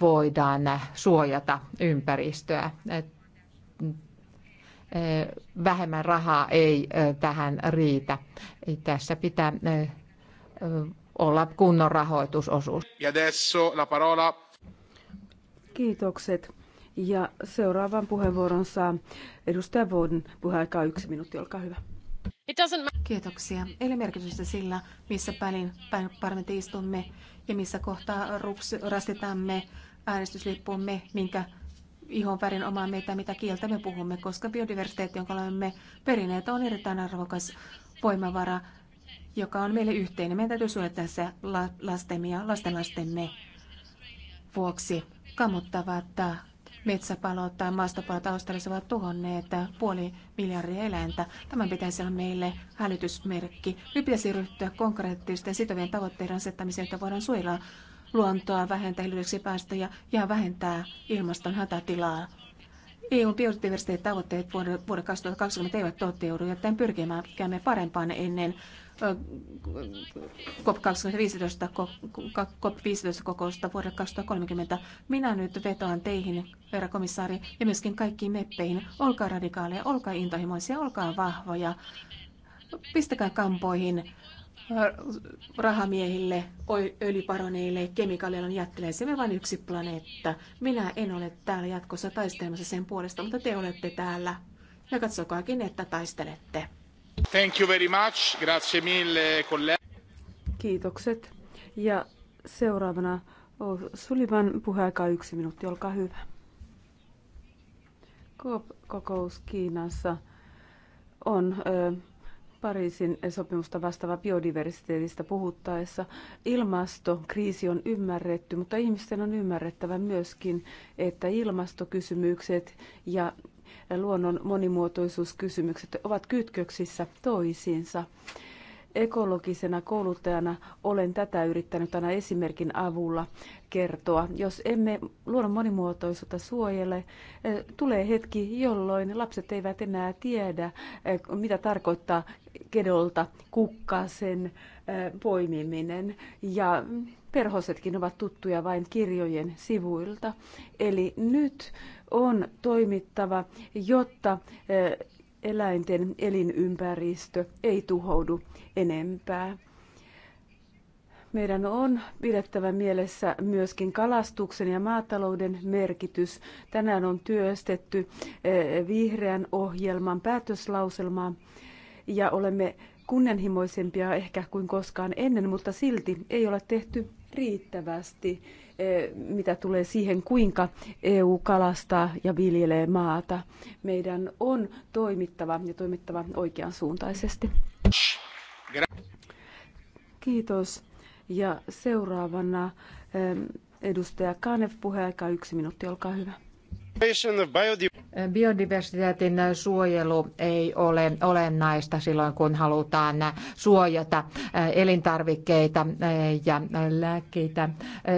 [SPEAKER 3] voidaan suojata ympäristöä. Vähemmän rahaa ei tähän riitä. Tässä pitää olla kunnon rahoitusosuus.
[SPEAKER 2] Kiitokset. Ja seuraavan puheenvuoron saa edustaja Voden puheaikaa yksi minuutti, olkaa hyvä.
[SPEAKER 5] Kiitoksia. Eli merkitystä sillä, missä päin parlamentti istumme ja missä kohtaa rups, rastitamme äänestyslippumme, minkä ihon värin omaa meitä, mitä kieltä me puhumme, koska biodiversiteetti, jonka olemme perineet, on erittäin arvokas voimavara, joka on meille yhteinen. Meidän täytyy suojata se lastemme ja lastenlastemme vuoksi kammottava, että metsäpalot tai maastopalot Australiassa ovat tuhonneet puoli miljardia eläintä. Tämän pitäisi olla meille hälytysmerkki. Nyt pitäisi ryhtyä konkreettisten sitovien tavoitteiden asettamiseen, että voidaan suojella luontoa, vähentää hiilidioksidipäästöjä ja vähentää ilmaston hätätilaa. EUn tavoitteet vuoden 2020 eivät toteudu, joten pyrkimään käymme parempaan ennen cop 15 cop kokousta vuodelle 2030. Minä nyt vetoan teihin, herra komissaari, ja myöskin kaikkiin meppeihin. Olkaa radikaaleja, olkaa intohimoisia, olkaa vahvoja. Pistäkää kampoihin rahamiehille, öljyparoneille, kemikaalialan jättiläisille vain yksi planeetta. Minä en ole täällä jatkossa taistelemassa sen puolesta, mutta te olette täällä. Ja katsokaakin, että taistelette.
[SPEAKER 1] Thank you very much. Grazie mille,
[SPEAKER 2] Kiitokset. Ja seuraavana Sullivan puheaika yksi minuutti, olkaa hyvä. Kokous Kiinassa on ö, Pariisin sopimusta vastaava biodiversiteetistä puhuttaessa ilmastokriisi on ymmärretty, mutta ihmisten on ymmärrettävä myöskin, että ilmastokysymykset ja luonnon monimuotoisuuskysymykset ovat kytköksissä toisiinsa. Ekologisena kouluttajana olen tätä yrittänyt aina esimerkin avulla kertoa. Jos emme luonnon monimuotoisuutta suojele, eh, tulee hetki, jolloin lapset eivät enää tiedä, eh, mitä tarkoittaa kedolta kukkasen eh, poimiminen. Ja perhosetkin ovat tuttuja vain kirjojen sivuilta. Eli nyt on toimittava, jotta eläinten elinympäristö ei tuhoudu enempää. Meidän on pidettävä mielessä myöskin kalastuksen ja maatalouden merkitys. Tänään on työstetty eh, vihreän ohjelman päätöslauselmaa ja olemme kunnianhimoisempia ehkä kuin koskaan ennen, mutta silti ei ole tehty riittävästi. Eh, mitä tulee siihen, kuinka EU kalastaa ja viljelee maata. Meidän on toimittava ja toimittava oikeansuuntaisesti. Kiitos. Ja seuraavana eh, edustaja Kanev, puheaika yksi minuutti, olkaa hyvä.
[SPEAKER 3] Biodiversiteetin suojelu ei ole olennaista silloin, kun halutaan suojata eh, elintarvikkeita eh, ja eh, lääkkeitä.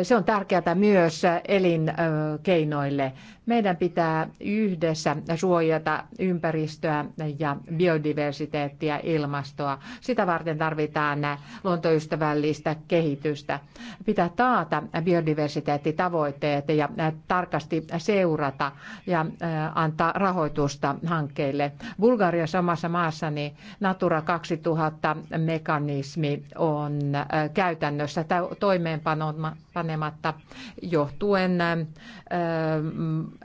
[SPEAKER 3] Se on tärkeää myös elinkeinoille. Meidän pitää yhdessä suojata ympäristöä ja biodiversiteettiä, ilmastoa. Sitä varten tarvitaan luontoystävällistä kehitystä. Pitää taata biodiversiteettitavoitteet ja tarkasti seurata ja antaa rahoitusta hankkeille. Bulgaria samassa maassa niin Natura 2000 mekanismi on käytännössä toimeenpanematta johtuen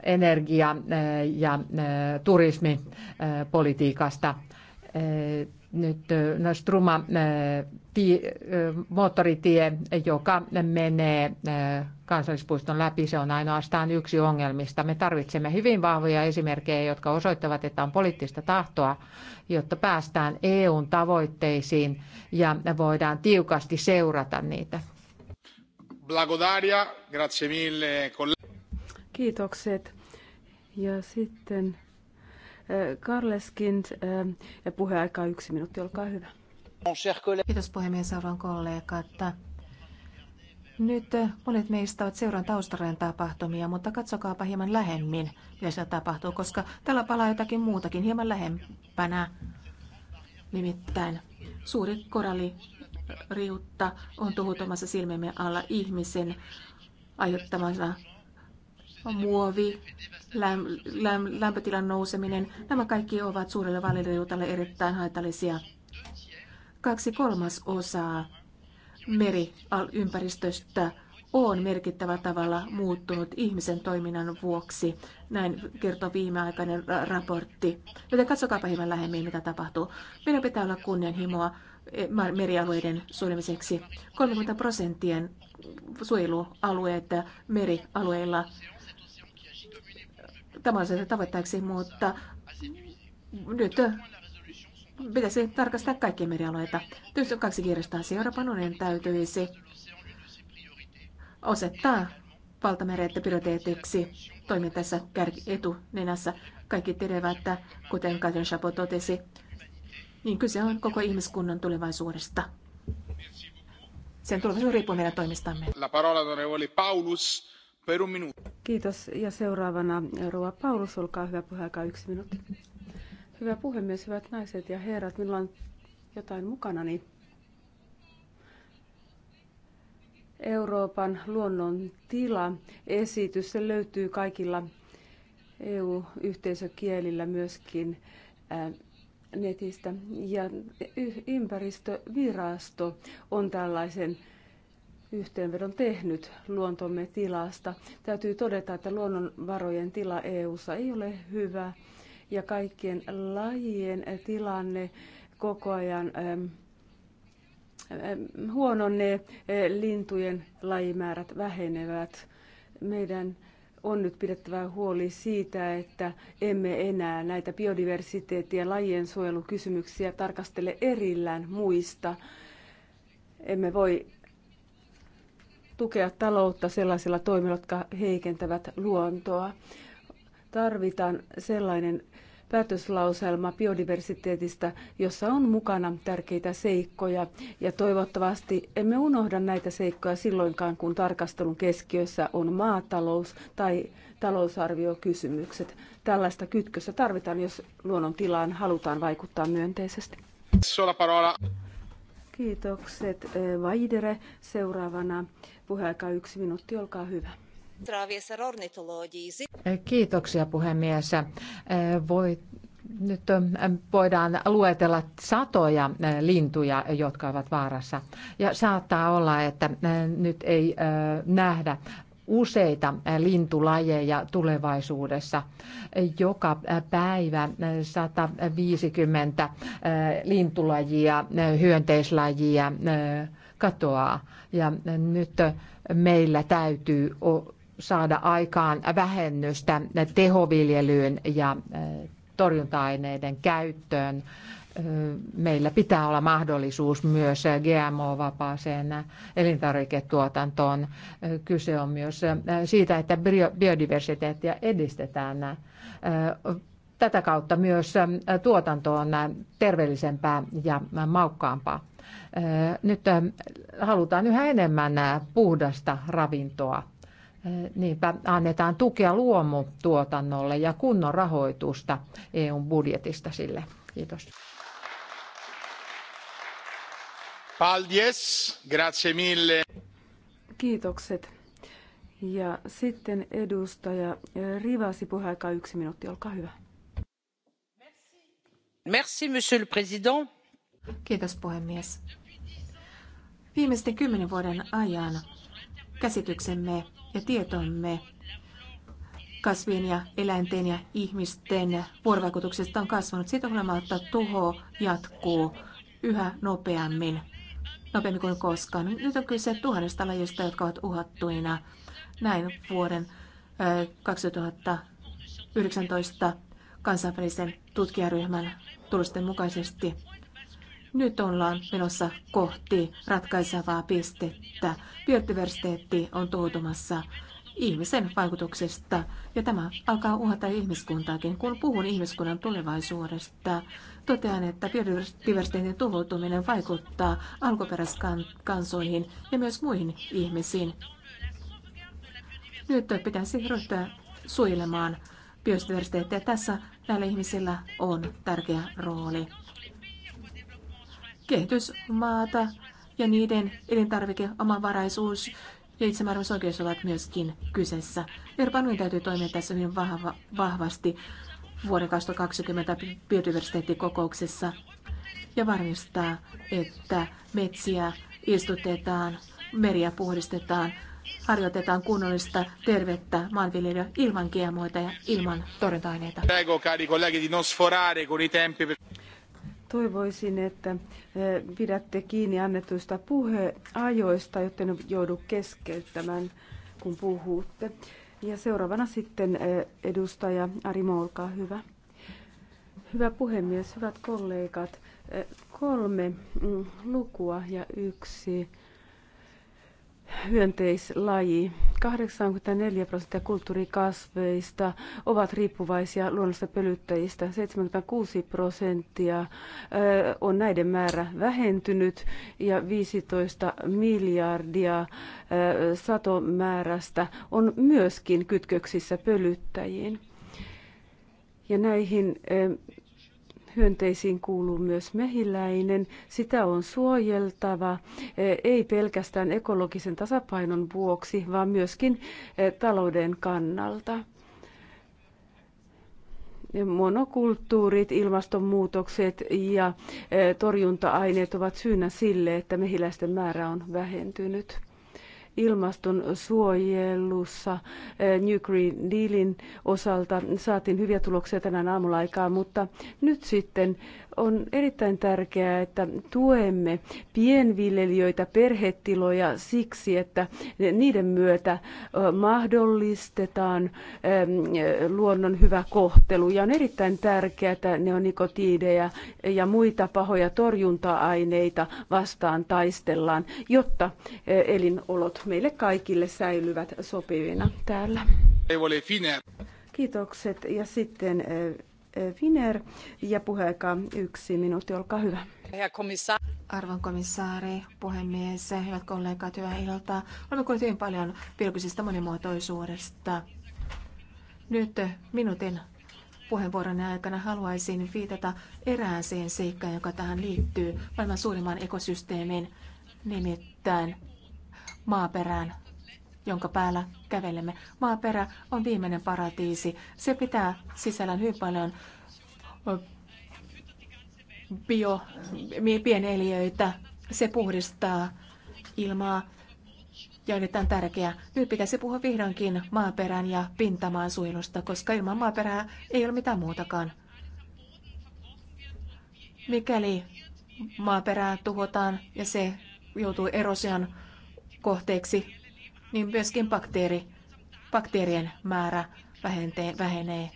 [SPEAKER 3] energia- ja turismipolitiikasta. Nyt no, Struma tie, moottoritie, joka menee kansallispuiston läpi, se on ainoastaan yksi ongelmista. Me tarvitsemme hyvin vahvoja esimerkkejä, jotka osoittavat, että on poliittista tahtoa, jotta päästään EUn tavoitteisiin ja voidaan tiukasti seurata niitä.
[SPEAKER 1] Blagodaria, grazie mille.
[SPEAKER 2] Kiitokset. Ja sitten Karleskin ja puheaika yksi minuutti, olkaa hyvä. Kiitos puhemies, arvon että Nyt
[SPEAKER 5] monet meistä ovat seuran taustarajan tapahtumia, mutta katsokaapa hieman lähemmin, mitä siellä tapahtuu, koska tällä palaa jotakin muutakin hieman lähempänä. Nimittäin suuri koralliriutta on tuhoutumassa silmemme alla ihmisen aiheuttamana muovi, läm, läm, lämpötilan nouseminen, nämä kaikki ovat suurelle valiliutalle erittäin haitallisia. Kaksi kolmas osaa meriympäristöstä on merkittävä tavalla muuttunut ihmisen toiminnan vuoksi. Näin kertoo viimeaikainen raportti. Joten katsokaapa hieman lähemmin, mitä tapahtuu. Meidän pitää olla kunnianhimoa e, merialueiden suojelemiseksi. 30 prosenttien suojelualueet merialueilla tämä on se tavoitteeksi, mutta nyt pitäisi tarkastaa kaikkia merialueita. Tietysti on kaksi kirjasta asiaa. Euroopan unionin täytyisi osettaa valtamereiden prioriteetiksi toimintaessa etunenässä. Kaikki tiedävät, että kuten Katrin Chapo totesi, niin kyse on koko ihmiskunnan
[SPEAKER 2] tulevaisuudesta. Sen tulevaisuus riippuu meidän toimistamme.
[SPEAKER 1] La parola Paulus
[SPEAKER 2] Kiitos. Ja seuraavana Rova Paulus, olkaa hyvä puheaika yksi minuutti. Hyvä puhemies, hyvät naiset ja herrat, minulla on jotain mukana, niin Euroopan luonnon tila esitys, se löytyy kaikilla EU-yhteisökielillä myöskin äh, netistä. Ja ympäristövirasto on tällaisen yhteenvedon tehnyt luontomme tilasta. Täytyy todeta, että luonnonvarojen tila EU:ssa ei ole hyvä ja kaikkien lajien tilanne koko ajan ähm, ähm, huononee, lintujen lajimäärät vähenevät. Meidän on nyt pidettävä huoli siitä, että emme enää näitä biodiversiteetti- ja lajien suojelukysymyksiä tarkastele erillään muista. Emme voi tukea taloutta sellaisilla toimilla, jotka heikentävät luontoa. Tarvitaan sellainen päätöslauselma biodiversiteetistä, jossa on mukana tärkeitä seikkoja. Ja toivottavasti emme unohda näitä seikkoja silloinkaan, kun tarkastelun keskiössä on maatalous tai talousarviokysymykset. Tällaista kytkössä tarvitaan, jos luonnon tilaan halutaan vaikuttaa myönteisesti. Kiitokset eh, Vaidere. Seuraavana puheaika yksi minuutti, olkaa hyvä.
[SPEAKER 3] Eh, kiitoksia puhemies. Eh, voi, nyt voidaan luetella satoja lintuja, jotka ovat vaarassa. Ja saattaa olla, että nyt ei nähdä useita lintulajeja tulevaisuudessa. Joka päivä 150 lintulajia, hyönteislajia katoaa. Ja nyt meillä täytyy saada aikaan vähennystä tehoviljelyyn ja torjunta-aineiden käyttöön. Meillä pitää olla mahdollisuus myös GMO-vapaaseen elintarviketuotantoon. Kyse on myös siitä, että biodiversiteettiä edistetään. Tätä kautta myös tuotanto on terveellisempää ja maukkaampaa. Nyt halutaan yhä enemmän puhdasta ravintoa Niinpä annetaan tukea luomutuotannolle ja kunnon rahoitusta EUn budjetista sille. Kiitos.
[SPEAKER 1] Paldies, grazie mille.
[SPEAKER 2] Kiitokset. Ja sitten edustaja Rivasi, puheaika yksi minuutti, olkaa hyvä.
[SPEAKER 4] Merci, monsieur le président.
[SPEAKER 2] Kiitos
[SPEAKER 5] puhemies. Viimeisten kymmenen vuoden ajan käsityksemme ja tietomme kasvien ja eläinten ja ihmisten vuorovaikutuksesta on kasvanut. Siitä huolimatta tuho jatkuu yhä nopeammin, nopeammin kuin koskaan. Nyt on kyse tuhannesta lajista, jotka ovat uhattuina näin vuoden 2019 kansainvälisen tutkijaryhmän tulosten mukaisesti. Nyt ollaan menossa kohti ratkaisevaa pistettä. Biodiversiteetti on tuhoutumassa ihmisen vaikutuksesta ja tämä alkaa uhata ihmiskuntaakin. Kun puhun ihmiskunnan tulevaisuudesta, totean, että biodiversiteetin tuhoutuminen vaikuttaa alkuperäiskansoihin ja myös muihin ihmisiin. Nyt pitäisi ryhtyä suojelemaan biodiversiteettiä. Tässä näillä ihmisillä on tärkeä rooli kehitysmaata ja niiden elintarvikeomavaraisuus ja itsemääräämisoikeus ovat myöskin kyseessä. Euroopan unionin täytyy toimia tässä hyvin vahva, vahvasti vuoden 2020 biodiversiteettikokouksessa ja varmistaa, että metsiä istutetaan, meriä puhdistetaan, harjoitetaan kunnollista tervettä maanviljelyä ilman kiemoita ja ilman torjunta-aineita.
[SPEAKER 2] Toivoisin, että eh, pidätte kiinni annetuista puheajoista, jotta ne joudu keskeyttämään, kun puhutte. Ja seuraavana sitten eh, edustaja Arimo, olkaa hyvä. Hyvä puhemies, hyvät kollegat. Eh, kolme mm, lukua ja yksi hyönteislaji. 84 prosenttia kulttuurikasveista ovat riippuvaisia luonnollisista pölyttäjistä. 76 prosenttia on näiden määrä vähentynyt ja 15 miljardia satomäärästä on myöskin kytköksissä pölyttäjiin. Ja näihin hyönteisiin kuuluu myös mehiläinen. Sitä on suojeltava eh, ei pelkästään ekologisen tasapainon vuoksi, vaan myöskin eh, talouden kannalta monokulttuurit, ilmastonmuutokset ja eh, torjunta-aineet ovat syynä sille, että mehiläisten määrä on vähentynyt. Ilmaston suojelussa eh, New Green Dealin osalta saatiin hyviä tuloksia tänään aamulla aikaa, mutta nyt sitten on erittäin tärkeää, että tuemme pienviljelijöitä, perhetiloja siksi, että niiden myötä mahdollistetaan luonnon hyvä kohtelu. Ja on erittäin tärkeää, että ne on nikotiideja ja muita pahoja torjunta-aineita vastaan taistellaan, jotta elinolot meille kaikille säilyvät sopivina täällä. Kiitokset ja sitten Viner ja puheaika yksi minuutti, olkaa hyvä.
[SPEAKER 5] Arvon komissaari, puhemies, hyvät kollegat, hyvää iltaa. Olemme kuulleet hyvin paljon biologisesta monimuotoisuudesta. Nyt minuutin puheenvuoron aikana haluaisin viitata erääseen seikkaan, joka tähän liittyy, maailman suurimman ekosysteemin, nimittäin maaperään jonka päällä kävelemme. Maaperä on viimeinen paratiisi. Se pitää sisällään hyvin paljon bio, pieneliöitä. Se puhdistaa ilmaa ja erittäin tärkeää. Nyt pitäisi puhua vihdoinkin maaperän ja pintamaan suojelusta, koska ilman maaperää ei ole mitään muutakaan. Mikäli maaperää tuhotaan ja se joutuu erosion kohteeksi, niin myöskin bakteeri, bakteerien määrä vähentee, vähenee.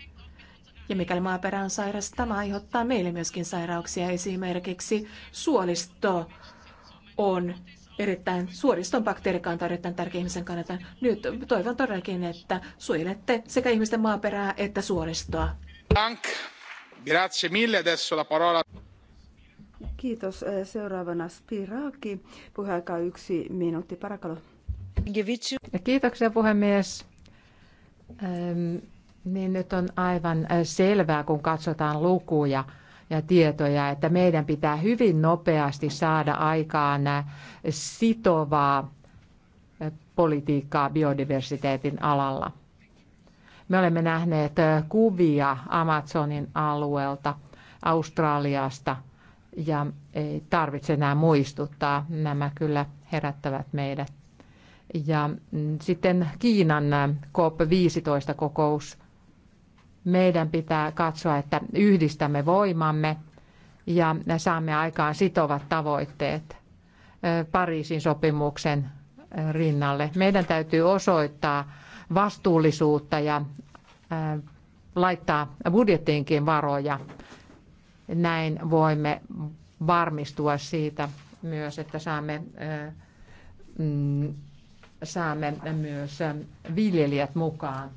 [SPEAKER 5] Ja mikäli maaperä on sairas, tämä aiheuttaa meille myöskin sairauksia. Esimerkiksi suolisto on erittäin, suoliston bakteerikanta on erittäin tärkeä ihmisen kannalta. Nyt toivon todellakin, että suojelette sekä ihmisten maaperää että suolistoa.
[SPEAKER 1] Dank. Grazie mille. Adesso la parola.
[SPEAKER 2] Kiitos. Seuraavana Spiraki. Puheaika yksi minuutti. Parakalo.
[SPEAKER 3] Kiitoksia puhemies. Niin nyt on aivan äh, selvää, kun katsotaan lukuja ja tietoja, että meidän pitää hyvin nopeasti saada aikaan äh, sitovaa äh, politiikkaa biodiversiteetin alalla. Me olemme nähneet kuvia Amazonin alueelta, Australiasta, ja ei tarvitse enää muistuttaa. Nämä kyllä herättävät meidät ja mm, sitten Kiinan äh, COP15-kokous. Meidän pitää katsoa, että yhdistämme voimamme ja saamme aikaan sitovat tavoitteet äh, Pariisin sopimuksen äh, rinnalle. Meidän täytyy osoittaa vastuullisuutta ja laittaa budjettiinkin varoja. Näin voimme varmistua siitä myös, että saamme mm, saamme myös ähm, viljelijät mukaan.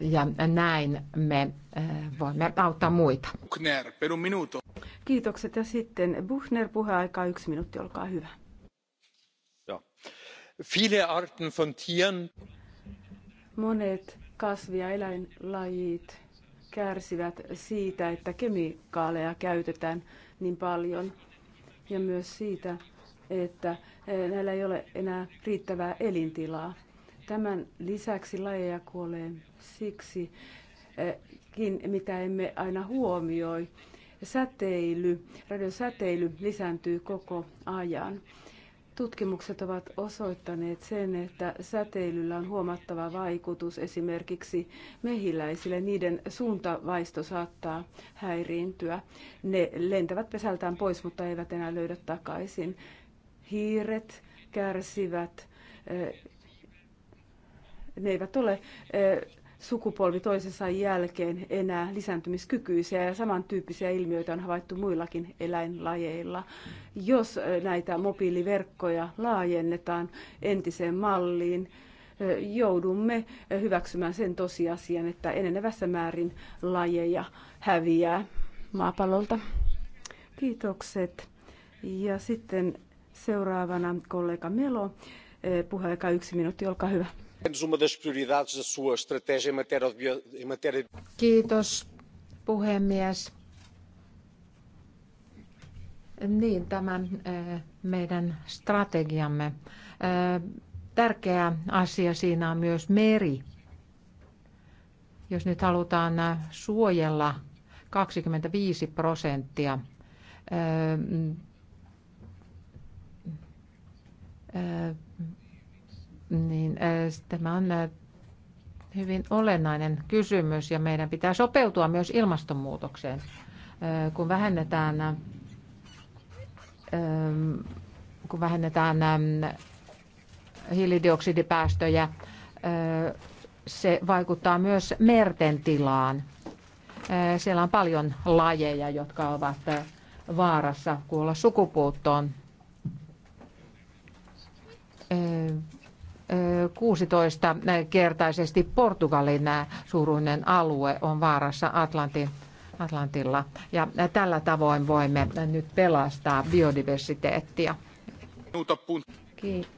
[SPEAKER 2] Ja näin me äh, voimme auttaa muita.
[SPEAKER 1] Buchner, per un minuto.
[SPEAKER 2] Kiitokset. Ja sitten Buchner, puheaikaa yksi minuutti, olkaa hyvä.
[SPEAKER 1] Ja.
[SPEAKER 6] Viele Arten von Tieren.
[SPEAKER 2] Monet kasvi- ja eläinlajit kärsivät siitä, että kemikaaleja käytetään niin paljon ja myös siitä, että eh, näillä ei ole enää riittävää elintilaa. Tämän lisäksi lajeja kuolee siksikin, eh, mitä emme aina huomioi. Säteily, radiosäteily lisääntyy koko ajan. Tutkimukset ovat osoittaneet sen, että säteilyllä on huomattava vaikutus esimerkiksi mehiläisille. Niiden suuntavaisto saattaa häiriintyä. Ne lentävät pesältään pois, mutta eivät enää löydä takaisin hiiret kärsivät. Ne eivät ole sukupolvi toisensa jälkeen enää lisääntymiskykyisiä ja samantyyppisiä ilmiöitä on havaittu muillakin eläinlajeilla. Jos näitä mobiiliverkkoja laajennetaan entiseen malliin, joudumme hyväksymään sen tosiasian, että enenevässä määrin lajeja häviää maapallolta. Kiitokset. Ja sitten Seuraavana kollega Melo. Eh, puheaika yksi minuutti, olkaa hyvä. Kiitos puhemies.
[SPEAKER 3] Niin, tämä eh, meidän strategiamme. Eh, tärkeä asia siinä on myös meri. Jos nyt halutaan suojella 25 prosenttia niin tämä on hyvin olennainen kysymys ja meidän pitää sopeutua myös ilmastonmuutokseen. Kun vähennetään, kun vähennetään hiilidioksidipäästöjä, se vaikuttaa myös merten tilaan. Siellä on paljon lajeja, jotka ovat vaarassa kuolla sukupuuttoon 16-kertaisesti Portugalin suuruinen alue on vaarassa Atlantin, Atlantilla. Ja tällä tavoin voimme nyt pelastaa biodiversiteettia.
[SPEAKER 8] Kiitos.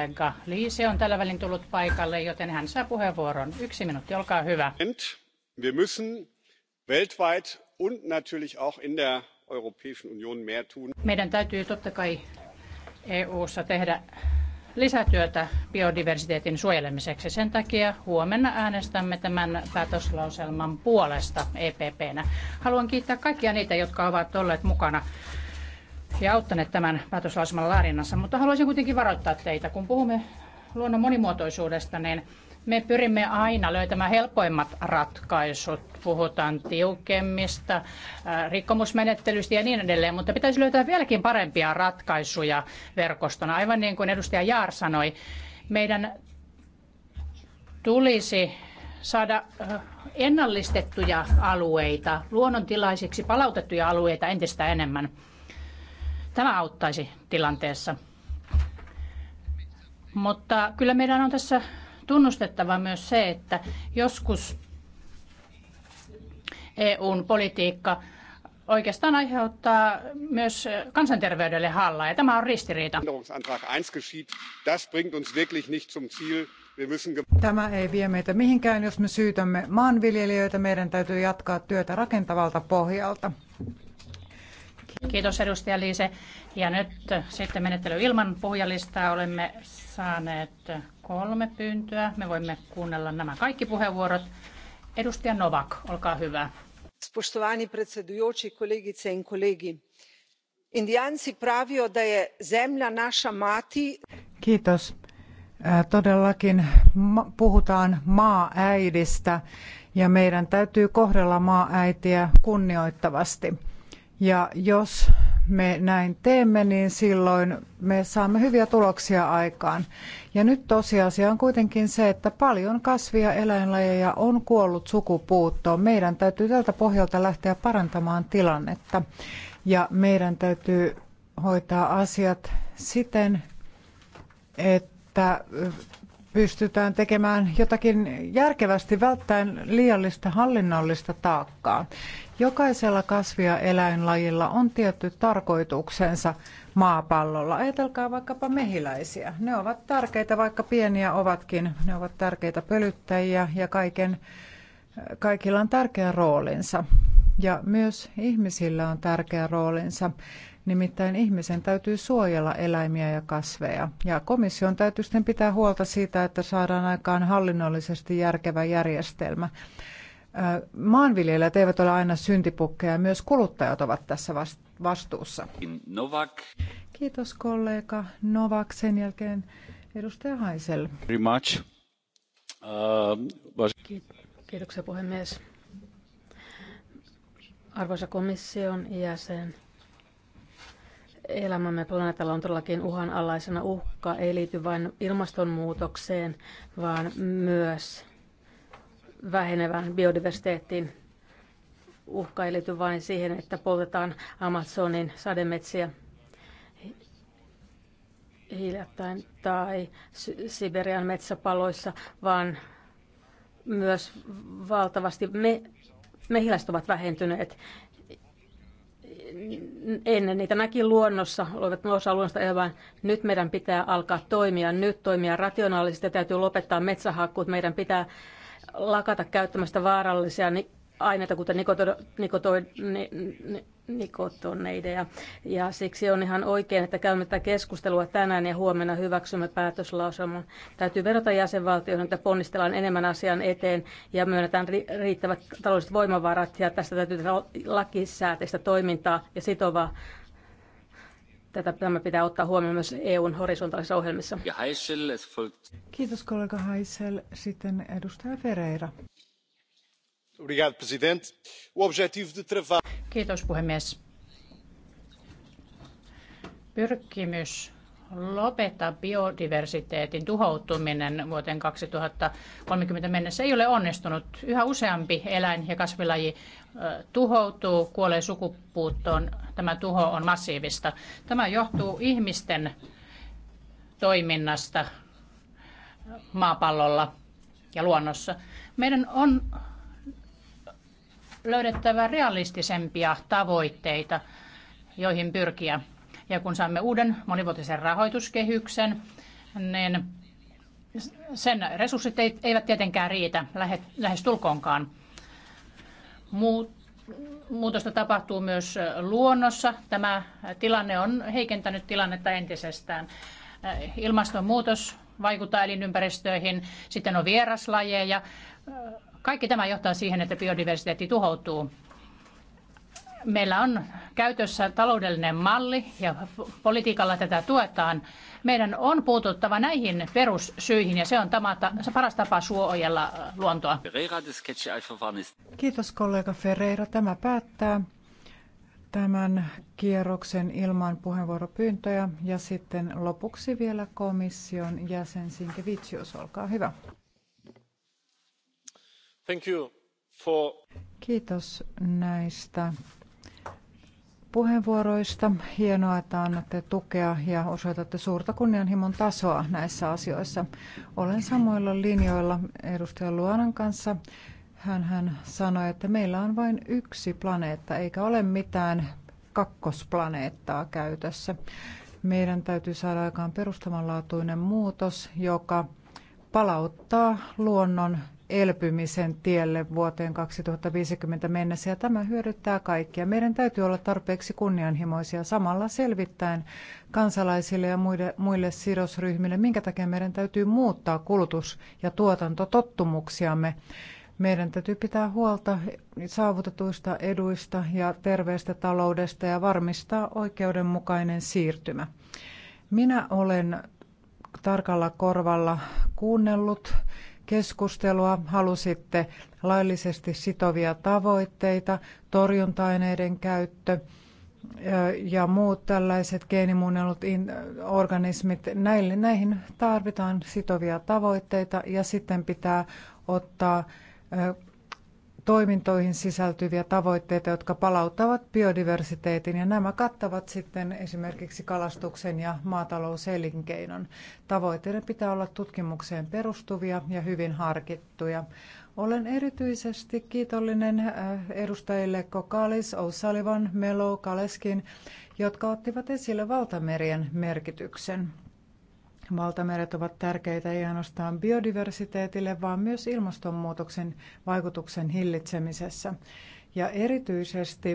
[SPEAKER 8] Kollega Liise on tällä välin tullut paikalle, joten hän saa puheenvuoron. Yksi minuutti, olkaa hyvä.
[SPEAKER 1] Wir müssen weltweit und natürlich auch in der Europäischen Union mehr tun.
[SPEAKER 8] Meidän täytyy totta kai EU:ssa tehdä lisätyötä biodiversiteetin suojelemiseksi. Sen takia huomenna äänestämme tämän päätöslauselman puolesta EPPnä. Haluan kiittää kaikkia niitä, jotka ovat olleet mukana ja auttaneet tämän päätöslauselman laadinnassa, mutta haluaisin kuitenkin varoittaa teitä, kun puhumme luonnon monimuotoisuudesta, niin me pyrimme aina löytämään helpoimmat ratkaisut. Puhutaan tiukemmista äh, rikkomusmenettelyistä ja niin edelleen, mutta pitäisi löytää vieläkin parempia ratkaisuja verkostona. Aivan niin kuin edustaja Jaar sanoi, meidän tulisi saada äh, ennallistettuja alueita, luonnontilaisiksi palautettuja alueita entistä enemmän. Tämä auttaisi tilanteessa. Mutta kyllä meidän on tässä tunnustettava myös se, että joskus EUn politiikka oikeastaan aiheuttaa myös kansanterveydelle hallaa, ja tämä on ristiriita.
[SPEAKER 1] Tämä
[SPEAKER 6] ei vie meitä mihinkään, jos me syytämme maanviljelijöitä. Meidän täytyy jatkaa työtä rakentavalta pohjalta.
[SPEAKER 8] Kiitos edustaja Liise. Ja nyt sitten menettely ilman puhujalistaa. Olemme saaneet kolme pyyntöä. Me voimme kuunnella nämä kaikki puheenvuorot. Edustaja Novak, olkaa hyvä. Spoštovani
[SPEAKER 2] predsedujoči, kolegice in kolegi. Indiansi pravio da je zemlja naša mati.
[SPEAKER 6] Kiitos. Äh, todellakin puhutaan maa-äidistä ja meidän täytyy kohdella maa-äitiä kunnioittavasti. Ja jos me näin teemme, niin silloin me saamme hyviä tuloksia aikaan. Ja nyt tosiasia on kuitenkin se, että paljon kasvi- ja eläinlajeja on kuollut sukupuuttoon. Meidän täytyy tältä pohjalta lähteä parantamaan tilannetta. Ja meidän täytyy hoitaa asiat siten, että pystytään tekemään jotakin järkevästi välttäen liiallista hallinnollista taakkaa. Jokaisella kasvi- ja eläinlajilla on tietty tarkoituksensa maapallolla. Ajatelkaa vaikkapa mehiläisiä. Ne ovat tärkeitä, vaikka pieniä ovatkin. Ne ovat tärkeitä pölyttäjiä ja kaiken, kaikilla on tärkeä roolinsa. Ja myös ihmisillä on tärkeä roolinsa. Nimittäin ihmisen täytyy suojella eläimiä ja kasveja. Ja komission täytyy sitten pitää huolta siitä, että saadaan aikaan hallinnollisesti järkevä järjestelmä. Maanviljelijät eivät ole aina syntipukkeja, myös kuluttajat ovat tässä vastuussa. Novak. Kiitos kollega Novak. Sen jälkeen edustaja Haisel. Very much. Uh,
[SPEAKER 7] Kiitoksia puhemies. Arvoisa komission jäsen, elämämme planeetalla on todellakin uhanalaisena uhka. Ei liity vain ilmastonmuutokseen, vaan myös vähenevään biodiversiteettiin. Uhka ei liity vain siihen, että poltetaan Amazonin sademetsiä hiljattain tai Siberian metsäpaloissa, vaan myös valtavasti me, mehiläiset ovat vähentyneet. Ennen niitä näki luonnossa, olivat osa luonnosta elämään. Nyt meidän pitää alkaa toimia, nyt toimia rationaalisesti täytyy lopettaa metsähakkuut. Meidän pitää lakata käyttämästä vaarallisia aineita, kuten nikotoneideja. Ja siksi on ihan oikein, että käymme tätä keskustelua tänään ja huomenna hyväksymme päätöslauselman. Täytyy verrata jäsenvaltioihin, että ponnistellaan enemmän asian eteen ja myönnetään riittävät taloudelliset voimavarat. Ja tästä täytyy tehdä lakisääteistä toimintaa ja sitovaa Tätä tämä pitää ottaa huomioon myös EUn horisontaalisissa ohjelmissa. Kiitos kollega Heisel. Sitten
[SPEAKER 8] edustaja Ferreira. Kiitos puhemies. Pyrkimys lopettaa biodiversiteetin tuhoutuminen vuoteen 2030 mennessä ei ole onnistunut. Yhä useampi eläin- ja kasvilaji tuhoutuu, kuolee sukupuuttoon. Tämä tuho on massiivista. Tämä johtuu ihmisten toiminnasta maapallolla ja luonnossa. Meidän on löydettävä realistisempia tavoitteita, joihin pyrkiä ja kun saamme uuden monivuotisen rahoituskehyksen, niin sen resurssit eivät tietenkään riitä lähes tulkoonkaan. Muutosta tapahtuu myös luonnossa. Tämä tilanne on heikentänyt tilannetta entisestään. Ilmastonmuutos vaikuttaa elinympäristöihin, sitten on vieraslajeja. Kaikki tämä johtaa siihen, että biodiversiteetti tuhoutuu meillä on käytössä taloudellinen malli ja politiikalla tätä tuetaan. Meidän on puututtava näihin perussyihin ja se on tämä paras tapa suojella
[SPEAKER 1] äh, luontoa.
[SPEAKER 8] Kiitos kollega Ferreira. Tämä päättää
[SPEAKER 6] tämän kierroksen ilman puheenvuoropyyntöjä ja sitten lopuksi vielä komission jäsen Sinkevitsius, olkaa hyvä.
[SPEAKER 1] Thank you for...
[SPEAKER 6] Kiitos näistä puheenvuoroista. Hienoa, että annatte tukea ja osoitatte suurta kunnianhimon tasoa näissä asioissa. Olen samoilla linjoilla edustaja Luonan kanssa. Hän, hän sanoi, että meillä on vain yksi planeetta, eikä ole mitään kakkosplaneettaa käytössä. Meidän täytyy saada aikaan perustavanlaatuinen muutos, joka palauttaa luonnon elpymisen tielle vuoteen 2050 mennessä ja tämä hyödyttää kaikkia. Meidän täytyy olla tarpeeksi kunnianhimoisia samalla selvittäen kansalaisille ja muille, muille sidosryhmille, minkä takia meidän täytyy muuttaa kulutus- ja tuotantotottumuksiamme. Meidän täytyy pitää huolta saavutetuista eduista ja terveestä taloudesta ja varmistaa oikeudenmukainen siirtymä. Minä olen tarkalla korvalla kuunnellut keskustelua, halusitte laillisesti sitovia tavoitteita, torjunta-aineiden käyttö ja muut tällaiset geenimuunnellut organismit. Näille, näihin tarvitaan sitovia tavoitteita ja sitten pitää ottaa toimintoihin sisältyviä tavoitteita, jotka palauttavat biodiversiteetin ja nämä kattavat sitten esimerkiksi kalastuksen ja maatalouselinkeinon. Tavoitteiden pitää olla tutkimukseen perustuvia ja hyvin harkittuja. Olen erityisesti kiitollinen äh, edustajille Kokalis, O'Sullivan, Melo, Kaleskin, jotka ottivat esille valtamerien merkityksen. Valtameret ovat tärkeitä ei ainoastaan biodiversiteetille, vaan myös ilmastonmuutoksen vaikutuksen hillitsemisessä. Ja erityisesti